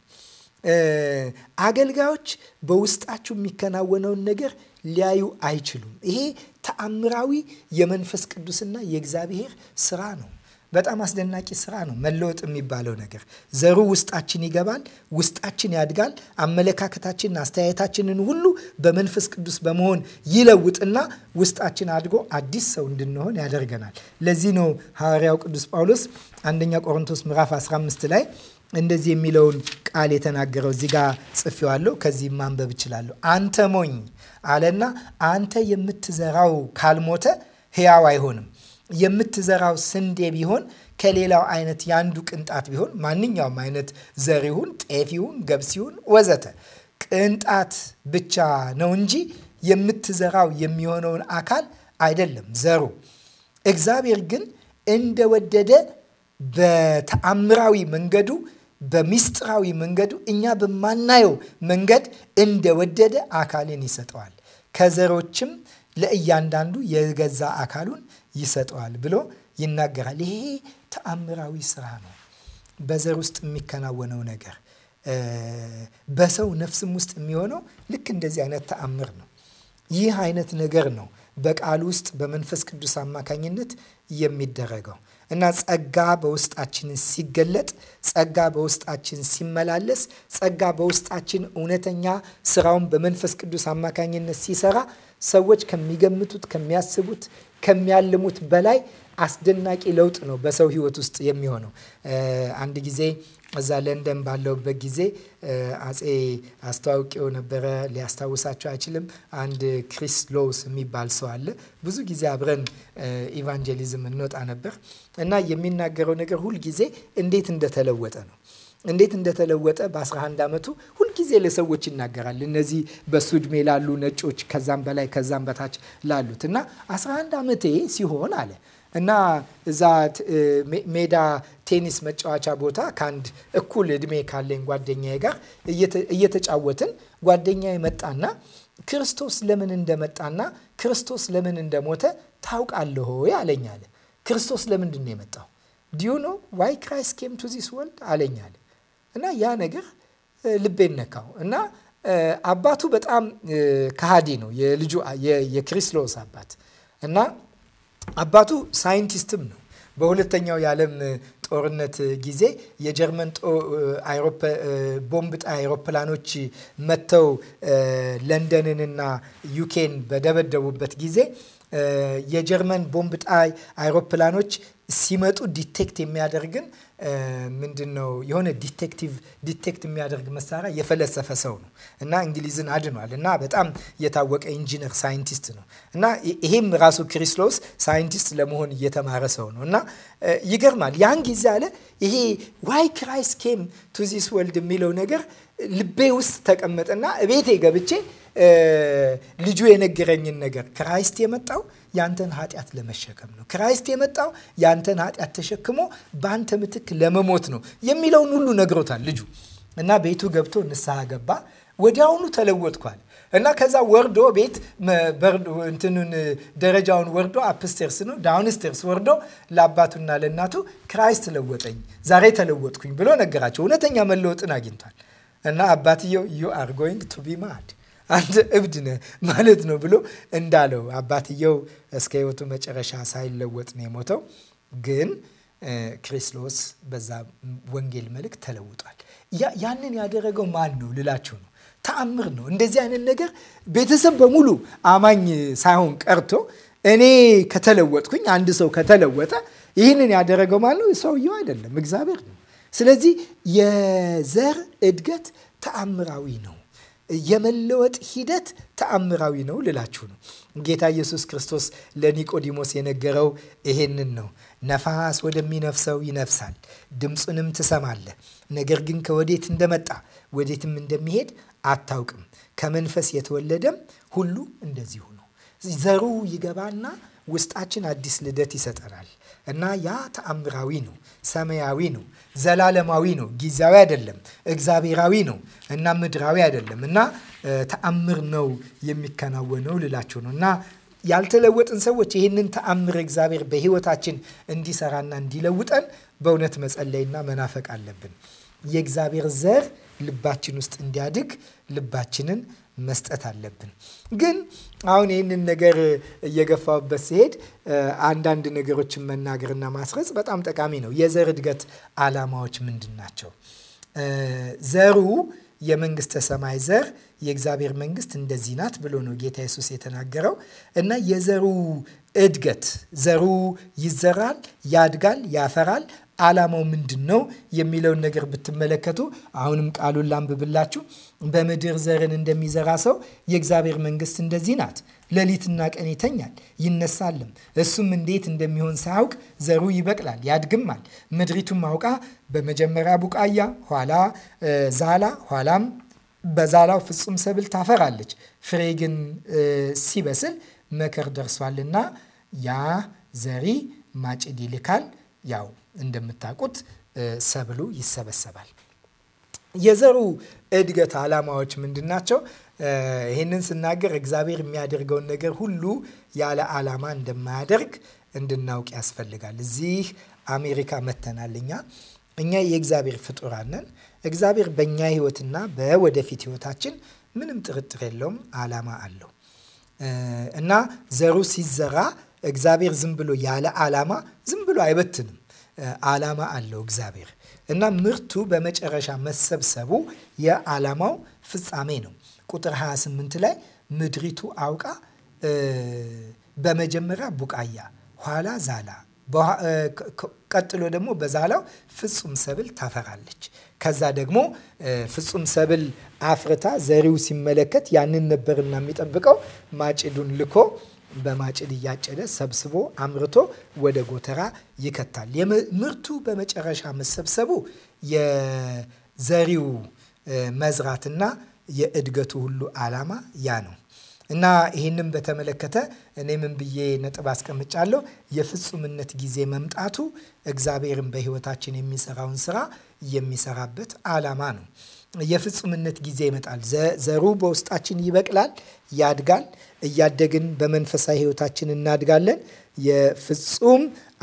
አገልጋዮች በውስጣችሁ የሚከናወነውን ነገር ሊያዩ አይችሉም። ይሄ ተአምራዊ የመንፈስ ቅዱስና የእግዚአብሔር ስራ ነው። በጣም አስደናቂ ስራ ነው። መለወጥ የሚባለው ነገር ዘሩ ውስጣችን ይገባል፣ ውስጣችን ያድጋል። አመለካከታችንን፣ አስተያየታችንን ሁሉ በመንፈስ ቅዱስ በመሆን ይለውጥና ውስጣችን አድጎ አዲስ ሰው እንድንሆን ያደርገናል። ለዚህ ነው ሐዋርያው ቅዱስ ጳውሎስ አንደኛ ቆሮንቶስ ምዕራፍ 15 ላይ እንደዚህ የሚለውን ቃል የተናገረው እዚህ ጋር ጽፌዋለሁ። ከዚህ ማንበብ እችላለሁ። አንተ ሞኝ አለና አንተ የምትዘራው ካልሞተ ሕያው አይሆንም። የምትዘራው ስንዴ ቢሆን ከሌላው አይነት የአንዱ ቅንጣት ቢሆን ማንኛውም አይነት ዘር ይሁን፣ ጤፍ ይሁን፣ ገብስ ይሁን ወዘተ ቅንጣት ብቻ ነው እንጂ የምትዘራው የሚሆነውን አካል አይደለም ዘሩ። እግዚአብሔር ግን እንደወደደ በተአምራዊ መንገዱ በሚስጥራዊ መንገዱ እኛ በማናየው መንገድ እንደወደደ አካልን ይሰጠዋል፣ ከዘሮችም ለእያንዳንዱ የገዛ አካሉን ይሰጠዋል ብሎ ይናገራል። ይሄ ተአምራዊ ስራ ነው። በዘር ውስጥ የሚከናወነው ነገር በሰው ነፍስም ውስጥ የሚሆነው ልክ እንደዚህ አይነት ተአምር ነው። ይህ አይነት ነገር ነው በቃል ውስጥ በመንፈስ ቅዱስ አማካኝነት የሚደረገው። እና ጸጋ በውስጣችን ሲገለጥ፣ ጸጋ በውስጣችን ሲመላለስ፣ ጸጋ በውስጣችን እውነተኛ ስራውን በመንፈስ ቅዱስ አማካኝነት ሲሰራ ሰዎች ከሚገምቱት፣ ከሚያስቡት፣ ከሚያልሙት በላይ አስደናቂ ለውጥ ነው በሰው ህይወት ውስጥ የሚሆነው። አንድ ጊዜ እዛ ለንደን ባለውበት ጊዜ አጼ አስተዋውቄው ነበረ። ሊያስታውሳቸው አይችልም። አንድ ክሪስ ሎውስ የሚባል ሰው አለ። ብዙ ጊዜ አብረን ኢቫንጀሊዝም እንወጣ ነበር እና የሚናገረው ነገር ሁልጊዜ እንዴት እንደተለወጠ ነው እንዴት እንደተለወጠ በ11 ዓመቱ ሁልጊዜ ለሰዎች ይናገራል። እነዚህ በሱ ዕድሜ ላሉ ነጮች፣ ከዛም በላይ ከዛም በታች ላሉት እና 11 ዓመቴ ሲሆን አለ እና እዛ ሜዳ ቴኒስ መጫወቻ ቦታ ከአንድ እኩል እድሜ ካለኝ ጓደኛዬ ጋር እየተጫወትን ጓደኛዬ መጣና ክርስቶስ ለምን እንደመጣና ክርስቶስ ለምን እንደሞተ ታውቃለህ አለኝ አለ። ክርስቶስ ለምንድን ነው የመጣው? ዲዩ ኖ ዋይ ክራይስት ኬም ቱ ዚስ ወርልድ አለኝ አለ እና ያ ነገር ልቤን ነካው እና አባቱ በጣም ከሃዲ ነው የልጁ የክሪስሎስ አባት እና አባቱ ሳይንቲስትም ነው። በሁለተኛው የዓለም ጦርነት ጊዜ የጀርመን ቦምብ ጣይ አውሮፕላኖች መጥተው ለንደንንና ዩኬን በደበደቡበት ጊዜ የጀርመን ቦምብ ጣይ አውሮፕላኖች ሲመጡ ዲቴክት የሚያደርግን ምንድን ነው የሆነ ዲቴክቲቭ ዲቴክት የሚያደርግ መሳሪያ የፈለሰፈ ሰው ነው እና እንግሊዝን አድኗል እና በጣም የታወቀ ኢንጂነር ሳይንቲስት ነው እና ይሄም ራሱ ክሪስሎስ ሳይንቲስት ለመሆን እየተማረ ሰው ነው እና ይገርማል። ያን ጊዜ አለ ይሄ ዋይ ክራይስት ኬም ቱ ዚስ ወልድ የሚለው ነገር ልቤ ውስጥ ተቀመጠና እቤቴ ገብቼ ልጁ የነገረኝን ነገር ክራይስት የመጣው ያንተን ኃጢአት ለመሸከም ነው። ክራይስት የመጣው ያንተን ኃጢአት ተሸክሞ በአንተ ምትክ ለመሞት ነው የሚለውን ሁሉ ነግሮታል ልጁ እና ቤቱ ገብቶ ንስሐ ገባ። ወዲያውኑ ተለወጥኳል እና ከዛ ወርዶ ቤት እንትኑን ደረጃውን ወርዶ አፕስቴርስ ነው ዳውንስቴርስ ወርዶ ለአባቱና ለእናቱ ክራይስት ለወጠኝ፣ ዛሬ ተለወጥኩኝ ብሎ ነገራቸው። እውነተኛ መለወጥን አግኝቷል እና አባትየው ዩ አር ጎይንግ ቱ ቢ ማድ አንተ እብድ ነህ ማለት ነው ብሎ እንዳለው አባትየው እስከ ህይወቱ መጨረሻ ሳይለወጥ ነው የሞተው። ግን ክርስሎስ በዛ ወንጌል መልእክት ተለውጧል። ያንን ያደረገው ማን ነው ልላችሁ ነው። ተአምር ነው። እንደዚህ አይነት ነገር ቤተሰብ በሙሉ አማኝ ሳይሆን ቀርቶ እኔ ከተለወጥኩኝ፣ አንድ ሰው ከተለወጠ ይህንን ያደረገው ማን ነው? ሰውየው አይደለም፣ እግዚአብሔር ነው። ስለዚህ የዘር እድገት ተአምራዊ ነው። የመለወጥ ሂደት ተአምራዊ ነው ልላችሁ ነው። ጌታ ኢየሱስ ክርስቶስ ለኒቆዲሞስ የነገረው ይሄንን ነው። ነፋስ ወደሚነፍሰው ይነፍሳል፣ ድምፁንም ትሰማለህ፣ ነገር ግን ከወዴት እንደመጣ ወዴትም እንደሚሄድ አታውቅም። ከመንፈስ የተወለደም ሁሉ እንደዚሁ ነው። ዘሩ ይገባና ውስጣችን አዲስ ልደት ይሰጠናል እና ያ ተአምራዊ ነው፣ ሰማያዊ ነው፣ ዘላለማዊ ነው፣ ጊዜያዊ አይደለም፣ እግዚአብሔራዊ ነው እና ምድራዊ አይደለም እና ተአምር ነው የሚከናወነው ልላቸው ነው እና ያልተለወጥን ሰዎች ይህንን ተአምር እግዚአብሔር በህይወታችን እንዲሰራና እንዲለውጠን በእውነት መጸለይና መናፈቅ አለብን። የእግዚአብሔር ዘር ልባችን ውስጥ እንዲያድግ ልባችንን መስጠት አለብን። ግን አሁን ይህንን ነገር እየገፋበት ሲሄድ አንዳንድ ነገሮችን መናገርና ማስረጽ በጣም ጠቃሚ ነው። የዘር እድገት ዓላማዎች ምንድን ናቸው? ዘሩ የመንግስተ ሰማይ ዘር የእግዚአብሔር መንግስት እንደዚህ ናት ብሎ ነው ጌታ የሱስ የተናገረው እና የዘሩ እድገት ዘሩ ይዘራል፣ ያድጋል፣ ያፈራል። ዓላማው ምንድን ነው የሚለውን ነገር ብትመለከቱ አሁንም ቃሉን ላንብብላችሁ። በምድር ዘርን እንደሚዘራ ሰው የእግዚአብሔር መንግስት እንደዚህ ናት። ሌሊትና ቀን ይተኛል ይነሳልም፣ እሱም እንዴት እንደሚሆን ሳያውቅ ዘሩ ይበቅላል ያድግማል። ምድሪቱም አውቃ በመጀመሪያ ቡቃያ፣ ኋላ ዛላ፣ ኋላም በዛላው ፍጹም ሰብል ታፈራለች። ፍሬ ግን ሲበስል መከር ደርሷልና ያ ዘሪ ማጭድ ይልካል ያው እንደምታውቁት ሰብሉ ይሰበሰባል። የዘሩ እድገት ዓላማዎች ምንድን ናቸው? ይህንን ስናገር እግዚአብሔር የሚያደርገውን ነገር ሁሉ ያለ ዓላማ እንደማያደርግ እንድናውቅ ያስፈልጋል። እዚህ አሜሪካ መተናል። እኛ እኛ የእግዚአብሔር ፍጡራን ነን። እግዚአብሔር በእኛ ህይወትና በወደፊት ህይወታችን ምንም ጥርጥር የለውም ዓላማ አለው እና ዘሩ ሲዘራ እግዚአብሔር ዝም ብሎ ያለ ዓላማ ዝም ብሎ አይበትንም። ዓላማ አለው እግዚአብሔር እና ምርቱ በመጨረሻ መሰብሰቡ የዓላማው ፍጻሜ ነው። ቁጥር 28 ላይ ምድሪቱ አውቃ በመጀመሪያ ቡቃያ፣ ኋላ ዛላ፣ ቀጥሎ ደግሞ በዛላው ፍጹም ሰብል ታፈራለች። ከዛ ደግሞ ፍጹም ሰብል አፍርታ ዘሪው ሲመለከት ያንን ነበርና የሚጠብቀው ማጭዱን ልኮ በማጭድ እያጨደ ሰብስቦ አምርቶ ወደ ጎተራ ይከታል። ምርቱ በመጨረሻ መሰብሰቡ የዘሪው መዝራትና የእድገቱ ሁሉ ዓላማ ያ ነው እና ይህንም በተመለከተ እኔ ምን ብዬ ነጥብ አስቀምጫለሁ? የፍጹምነት ጊዜ መምጣቱ እግዚአብሔርን በሕይወታችን የሚሰራውን ስራ የሚሰራበት ዓላማ ነው። የፍጹምነት ጊዜ ይመጣል። ዘሩ በውስጣችን ይበቅላል፣ ያድጋል። እያደግን በመንፈሳዊ ህይወታችን እናድጋለን። የፍጹም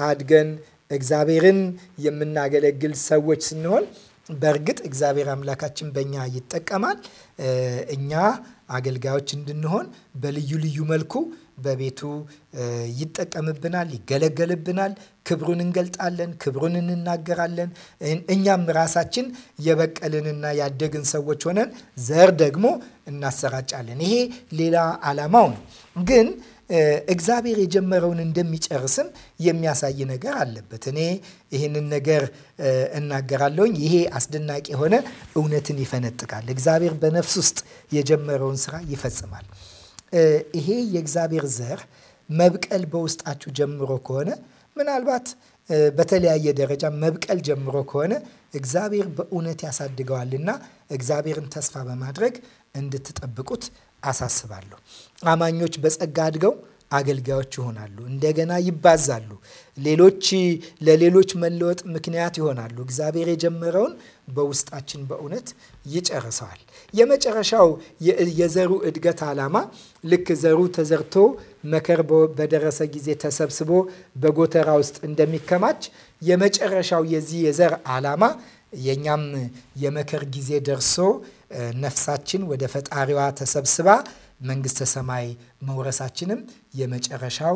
አድገን እግዚአብሔርን የምናገለግል ሰዎች ስንሆን በእርግጥ እግዚአብሔር አምላካችን በእኛ ይጠቀማል። እኛ አገልጋዮች እንድንሆን በልዩ ልዩ መልኩ በቤቱ ይጠቀምብናል፣ ይገለገልብናል። ክብሩን እንገልጣለን፣ ክብሩን እንናገራለን። እኛም ራሳችን የበቀልንና ያደግን ሰዎች ሆነን ዘር ደግሞ እናሰራጫለን። ይሄ ሌላ ዓላማው ነው ግን እግዚአብሔር የጀመረውን እንደሚጨርስም የሚያሳይ ነገር አለበት። እኔ ይህንን ነገር እናገራለሁኝ። ይሄ አስደናቂ የሆነ እውነትን ይፈነጥቃል። እግዚአብሔር በነፍስ ውስጥ የጀመረውን ስራ ይፈጽማል። ይሄ የእግዚአብሔር ዘር መብቀል በውስጣችሁ ጀምሮ ከሆነ ምናልባት በተለያየ ደረጃ መብቀል ጀምሮ ከሆነ እግዚአብሔር በእውነት ያሳድገዋልና እግዚአብሔርን ተስፋ በማድረግ እንድትጠብቁት አሳስባለሁ። አማኞች በጸጋ አድገው አገልጋዮች ይሆናሉ። እንደገና ይባዛሉ። ሌሎች ለሌሎች መለወጥ ምክንያት ይሆናሉ። እግዚአብሔር የጀመረውን በውስጣችን በእውነት ይጨርሰዋል። የመጨረሻው የዘሩ እድገት ዓላማ ልክ ዘሩ ተዘርቶ መከር በደረሰ ጊዜ ተሰብስቦ በጎተራ ውስጥ እንደሚከማች የመጨረሻው የዚህ የዘር ዓላማ የእኛም የመከር ጊዜ ደርሶ ነፍሳችን ወደ ፈጣሪዋ ተሰብስባ መንግስተ ሰማይ መውረሳችንም የመጨረሻው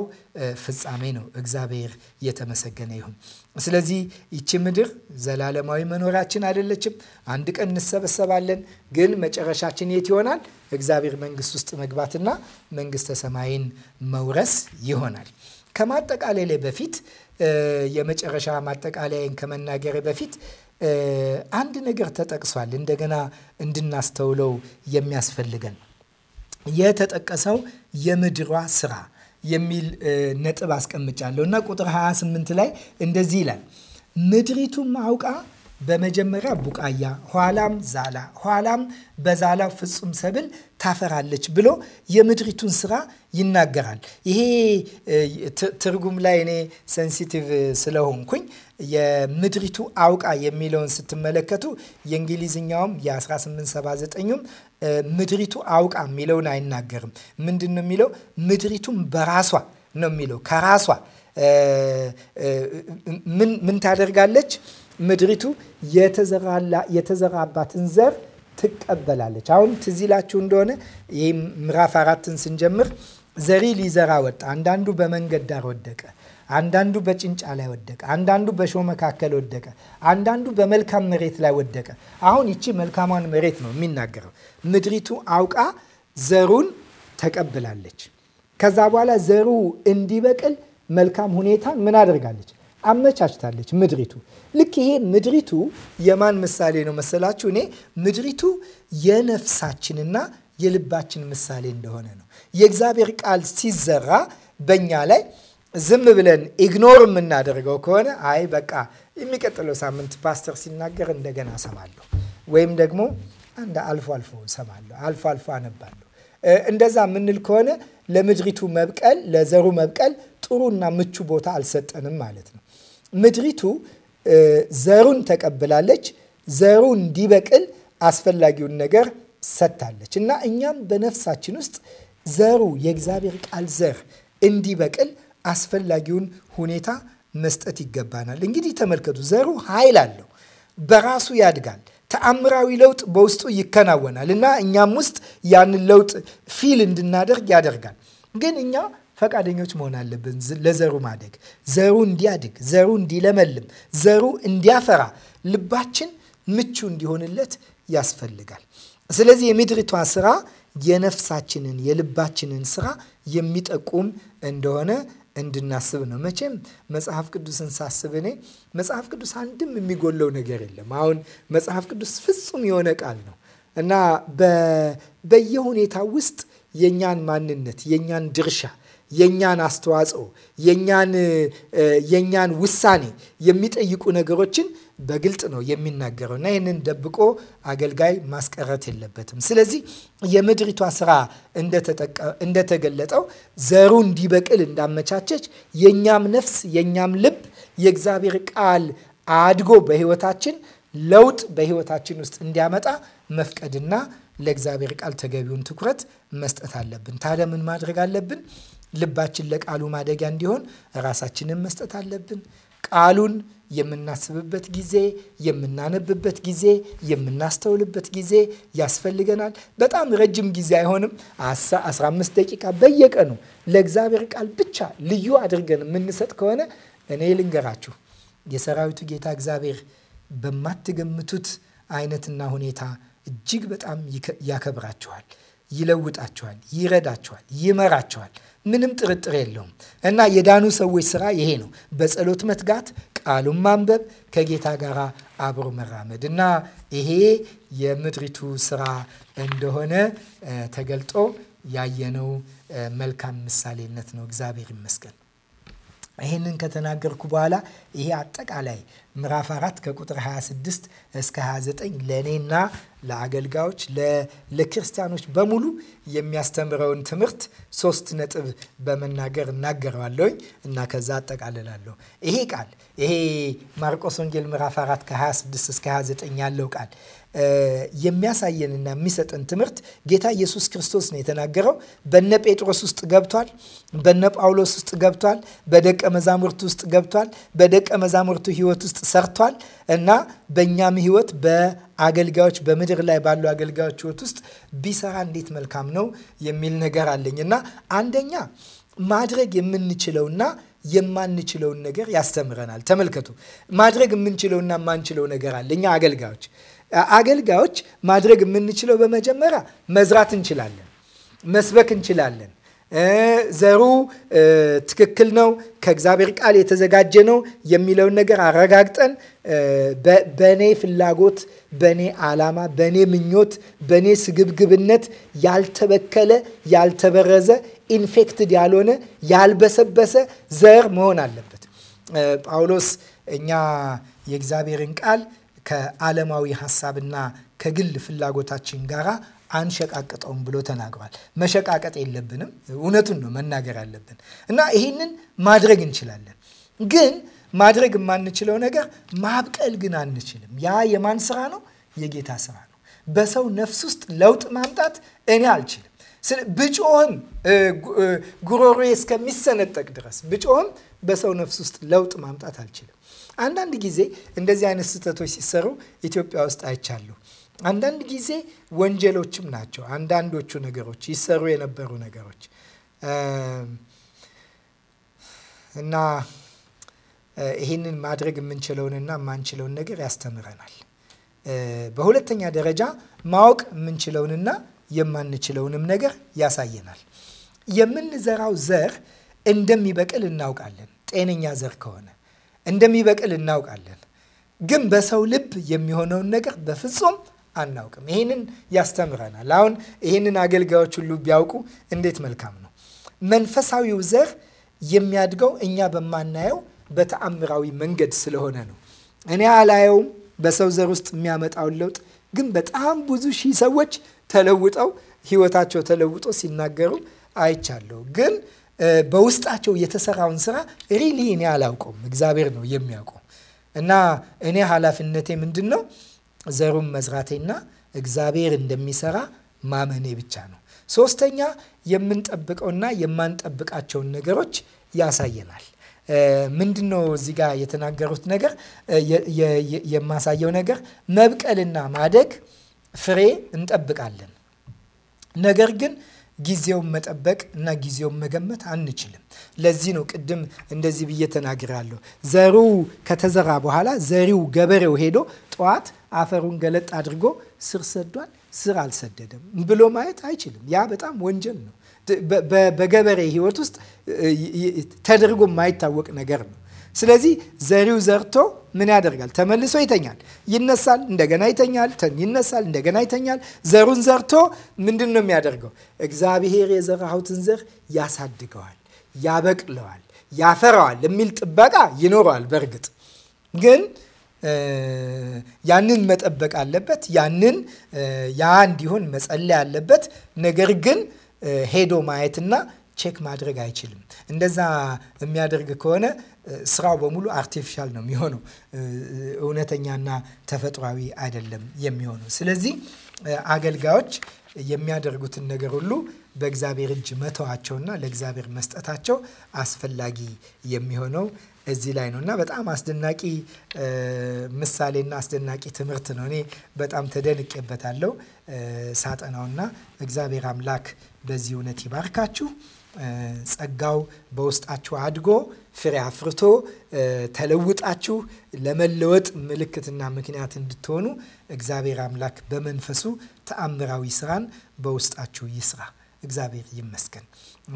ፍጻሜ ነው። እግዚአብሔር የተመሰገነ ይሁን። ስለዚህ ይቺ ምድር ዘላለማዊ መኖሪያችን አይደለችም። አንድ ቀን እንሰበሰባለን፣ ግን መጨረሻችን የት ይሆናል? እግዚአብሔር መንግስት ውስጥ መግባትና መንግስተ ሰማይን መውረስ ይሆናል። ከማጠቃለያ ላይ በፊት የመጨረሻ ማጠቃለያን ከመናገር በፊት አንድ ነገር ተጠቅሷል። እንደገና እንድናስተውለው የሚያስፈልገን የተጠቀሰው የምድሯ ስራ የሚል ነጥብ አስቀምጫለሁ እና ቁጥር 28 ላይ እንደዚህ ይላል ምድሪቱም አውቃ በመጀመሪያ ቡቃያ ኋላም ዛላ ኋላም በዛላ ፍጹም ሰብል ታፈራለች ብሎ የምድሪቱን ስራ ይናገራል። ይሄ ትርጉም ላይ እኔ ሴንሲቲቭ ስለሆንኩኝ የምድሪቱ አውቃ የሚለውን ስትመለከቱ የእንግሊዝኛውም የ1879ም ምድሪቱ አውቃ የሚለውን አይናገርም። ምንድን ነው የሚለው? ምድሪቱም በራሷ ነው የሚለው። ከራሷ ምን ታደርጋለች? ምድሪቱ የተዘራባትን ዘር ትቀበላለች። አሁን ትዝ ይላችሁ እንደሆነ ይህ ምዕራፍ አራትን ስንጀምር ዘሪ ሊዘራ ወጣ፣ አንዳንዱ በመንገድ ዳር ወደቀ አንዳንዱ በጭንጫ ላይ ወደቀ፣ አንዳንዱ በእሾህ መካከል ወደቀ፣ አንዳንዱ በመልካም መሬት ላይ ወደቀ። አሁን ይቺ መልካሟን መሬት ነው የሚናገረው። ምድሪቱ አውቃ ዘሩን ተቀብላለች። ከዛ በኋላ ዘሩ እንዲበቅል መልካም ሁኔታን ምን አድርጋለች አመቻችታለች። ምድሪቱ ልክ ይሄ ምድሪቱ የማን ምሳሌ ነው መሰላችሁ? እኔ ምድሪቱ የነፍሳችንና የልባችን ምሳሌ እንደሆነ ነው። የእግዚአብሔር ቃል ሲዘራ በእኛ ላይ ዝም ብለን ኢግኖር የምናደርገው ከሆነ አይ በቃ የሚቀጥለው ሳምንት ፓስተር ሲናገር እንደገና እሰማለሁ ወይም ደግሞ አንድ አልፎ አልፎ እሰማለሁ፣ አልፎ አልፎ አነባለሁ። እንደዛ የምንል ከሆነ ለምድሪቱ መብቀል፣ ለዘሩ መብቀል ጥሩና ምቹ ቦታ አልሰጠንም ማለት ነው። ምድሪቱ ዘሩን ተቀብላለች፣ ዘሩ እንዲበቅል አስፈላጊውን ነገር ሰጥታለች እና እኛም በነፍሳችን ውስጥ ዘሩ የእግዚአብሔር ቃል ዘር እንዲበቅል አስፈላጊውን ሁኔታ መስጠት ይገባናል። እንግዲህ ተመልከቱ፣ ዘሩ ኃይል አለው፣ በራሱ ያድጋል፣ ተአምራዊ ለውጥ በውስጡ ይከናወናል እና እኛም ውስጥ ያንን ለውጥ ፊል እንድናደርግ ያደርጋል። ግን እኛ ፈቃደኞች መሆን አለብን ለዘሩ ማደግ፣ ዘሩ እንዲያድግ፣ ዘሩ እንዲለመልም፣ ዘሩ እንዲያፈራ ልባችን ምቹ እንዲሆንለት ያስፈልጋል። ስለዚህ የምድሪቷ ስራ የነፍሳችንን የልባችንን ስራ የሚጠቁም እንደሆነ እንድናስብ ነው። መቼም መጽሐፍ ቅዱስን ሳስብ እኔ መጽሐፍ ቅዱስ አንድም የሚጎለው ነገር የለም። አሁን መጽሐፍ ቅዱስ ፍጹም የሆነ ቃል ነው እና በየሁኔታ ውስጥ የእኛን ማንነት፣ የእኛን ድርሻ፣ የእኛን አስተዋጽኦ፣ የእኛን ውሳኔ የሚጠይቁ ነገሮችን በግልጥ ነው የሚናገረው እና ይህንን ደብቆ አገልጋይ ማስቀረት የለበትም። ስለዚህ የምድሪቷ ስራ እንደተገለጠው ዘሩ እንዲበቅል እንዳመቻቸች የእኛም ነፍስ የእኛም ልብ የእግዚአብሔር ቃል አድጎ በህይወታችን ለውጥ በህይወታችን ውስጥ እንዲያመጣ መፍቀድና ለእግዚአብሔር ቃል ተገቢውን ትኩረት መስጠት አለብን። ታዲያ ምን ማድረግ አለብን? ልባችን ለቃሉ ማደጊያ እንዲሆን ራሳችንን መስጠት አለብን። ቃሉን የምናስብበት ጊዜ፣ የምናነብበት ጊዜ፣ የምናስተውልበት ጊዜ ያስፈልገናል። በጣም ረጅም ጊዜ አይሆንም። 15 ደቂቃ በየቀኑ ለእግዚአብሔር ቃል ብቻ ልዩ አድርገን የምንሰጥ ከሆነ እኔ ልንገራችሁ የሰራዊቱ ጌታ እግዚአብሔር በማትገምቱት አይነትና ሁኔታ እጅግ በጣም ያከብራችኋል፣ ይለውጣችኋል፣ ይረዳችኋል፣ ይመራችኋል። ምንም ጥርጥር የለውም እና የዳኑ ሰዎች ስራ ይሄ ነው። በጸሎት መትጋት፣ ቃሉን ማንበብ ከጌታ ጋር አብሮ መራመድ እና ይሄ የምድሪቱ ስራ እንደሆነ ተገልጦ ያየነው መልካም ምሳሌነት ነው። እግዚአብሔር ይመስገን። ይህንን ከተናገርኩ በኋላ ይሄ አጠቃላይ ምዕራፍ አራት ከቁጥር 26 እስከ 29 ለእኔና ለአገልጋዮች ለክርስቲያኖች በሙሉ የሚያስተምረውን ትምህርት ሶስት ነጥብ በመናገር እናገረዋለሁኝ እና ከዛ አጠቃልላለሁ። ይሄ ቃል ይሄ ማርቆስ ወንጌል ምዕራፍ 4 ከ26 እስከ 29 ያለው ቃል የሚያሳየንና የሚሰጠን ትምህርት ጌታ ኢየሱስ ክርስቶስ ነው የተናገረው። በነ ጴጥሮስ ውስጥ ገብቷል። በነ ጳውሎስ ውስጥ ገብቷል። በደቀ መዛሙርት ውስጥ ገብቷል። በደቀ መዛሙርቱ ሕይወት ውስጥ ሰርቷል እና በእኛም ሕይወት በአገልጋዮች በምድር ላይ ባሉ አገልጋዮች ሕይወት ውስጥ ቢሰራ እንዴት መልካም ነው የሚል ነገር አለኝ እና አንደኛ ማድረግ የምንችለውና የማንችለውን ነገር ያስተምረናል። ተመልከቱ፣ ማድረግ የምንችለውና የማንችለው ነገር አለ። እኛ አገልጋዮች አገልጋዮች ማድረግ የምንችለው በመጀመሪያ መዝራት እንችላለን፣ መስበክ እንችላለን። ዘሩ ትክክል ነው፣ ከእግዚአብሔር ቃል የተዘጋጀ ነው የሚለውን ነገር አረጋግጠን በእኔ ፍላጎት፣ በእኔ ዓላማ፣ በእኔ ምኞት፣ በእኔ ስግብግብነት ያልተበከለ ያልተበረዘ ኢንፌክትድ ያልሆነ ያልበሰበሰ ዘር መሆን አለበት። ጳውሎስ እኛ የእግዚአብሔርን ቃል ከዓለማዊ ሀሳብና ከግል ፍላጎታችን ጋራ አንሸቃቅጠውም ብሎ ተናግሯል። መሸቃቀጥ የለብንም። እውነቱን ነው መናገር አለብን እና ይህንን ማድረግ እንችላለን። ግን ማድረግ የማንችለው ነገር ማብቀል ግን አንችልም። ያ የማን ስራ ነው? የጌታ ስራ ነው። በሰው ነፍስ ውስጥ ለውጥ ማምጣት እኔ አልችልም። ብጮህም ጉሮሮዬ እስከሚሰነጠቅ ድረስ ብጮህም በሰው ነፍስ ውስጥ ለውጥ ማምጣት አልችልም። አንዳንድ ጊዜ እንደዚህ አይነት ስህተቶች ሲሰሩ ኢትዮጵያ ውስጥ አይቻለሁ። አንዳንድ ጊዜ ወንጀሎችም ናቸው። አንዳንዶቹ ነገሮች ይሰሩ የነበሩ ነገሮች እና ይህንን ማድረግ የምንችለውንና የማንችለውን ነገር ያስተምረናል። በሁለተኛ ደረጃ ማወቅ የምንችለውንና የማንችለውንም ነገር ያሳየናል። የምንዘራው ዘር እንደሚበቅል እናውቃለን፣ ጤነኛ ዘር ከሆነ እንደሚበቅል እናውቃለን። ግን በሰው ልብ የሚሆነውን ነገር በፍጹም አናውቅም። ይህንን ያስተምረናል። አሁን ይህንን አገልጋዮች ሁሉ ቢያውቁ እንዴት መልካም ነው። መንፈሳዊው ዘር የሚያድገው እኛ በማናየው በተአምራዊ መንገድ ስለሆነ ነው። እኔ አላየውም በሰው ዘር ውስጥ የሚያመጣውን ለውጥ ግን በጣም ብዙ ሺህ ሰዎች ተለውጠው ህይወታቸው ተለውጦ ሲናገሩ አይቻለሁ ግን በውስጣቸው የተሰራውን ስራ ሪሊ እኔ አላውቀውም፣ እግዚአብሔር ነው የሚያውቀው። እና እኔ ኃላፊነቴ ምንድን ነው? ዘሩን መዝራቴና እግዚአብሔር እንደሚሰራ ማመኔ ብቻ ነው። ሶስተኛ የምንጠብቀውና የማንጠብቃቸውን ነገሮች ያሳየናል። ምንድን ነው እዚህ ጋር የተናገሩት ነገር የማሳየው ነገር መብቀልና ማደግ ፍሬ እንጠብቃለን ነገር ግን ጊዜውን መጠበቅ እና ጊዜውን መገመት አንችልም። ለዚህ ነው ቅድም እንደዚህ ብዬ ተናግራለሁ። ዘሩ ከተዘራ በኋላ ዘሪው ገበሬው ሄዶ ጠዋት አፈሩን ገለጥ አድርጎ ስር ሰዷል፣ ስር አልሰደደም ብሎ ማየት አይችልም። ያ በጣም ወንጀል ነው። በገበሬ ሕይወት ውስጥ ተደርጎ የማይታወቅ ነገር ነው። ስለዚህ ዘሪው ዘርቶ ምን ያደርጋል? ተመልሶ ይተኛል፣ ይነሳል፣ እንደገና ይተኛል፣ ይነሳል፣ እንደገና ይተኛል። ዘሩን ዘርቶ ምንድን ነው የሚያደርገው? እግዚአብሔር የዘራሁትን ዘር ያሳድገዋል፣ ያበቅለዋል፣ ያፈራዋል የሚል ጥበቃ ይኖረዋል። በእርግጥ ግን ያንን መጠበቅ አለበት። ያንን ያ እንዲሆን መጸለይ አለበት። ነገር ግን ሄዶ ማየትና ቼክ ማድረግ አይችልም። እንደዛ የሚያደርግ ከሆነ ስራው በሙሉ አርቲፊሻል ነው የሚሆነው። እውነተኛና ተፈጥሯዊ አይደለም የሚሆነው። ስለዚህ አገልጋዮች የሚያደርጉትን ነገር ሁሉ በእግዚአብሔር እጅ መተዋቸውና ለእግዚአብሔር መስጠታቸው አስፈላጊ የሚሆነው እዚህ ላይ ነው እና በጣም አስደናቂ ምሳሌና አስደናቂ ትምህርት ነው። እኔ በጣም ተደንቄበታለሁ ሳጠናውና እግዚአብሔር አምላክ በዚህ እውነት ይባርካችሁ። ጸጋው በውስጣችሁ አድጎ ፍሬ አፍርቶ ተለውጣችሁ ለመለወጥ ምልክትና ምክንያት እንድትሆኑ እግዚአብሔር አምላክ በመንፈሱ ተአምራዊ ስራን በውስጣችሁ ይስራ። እግዚአብሔር ይመስገን።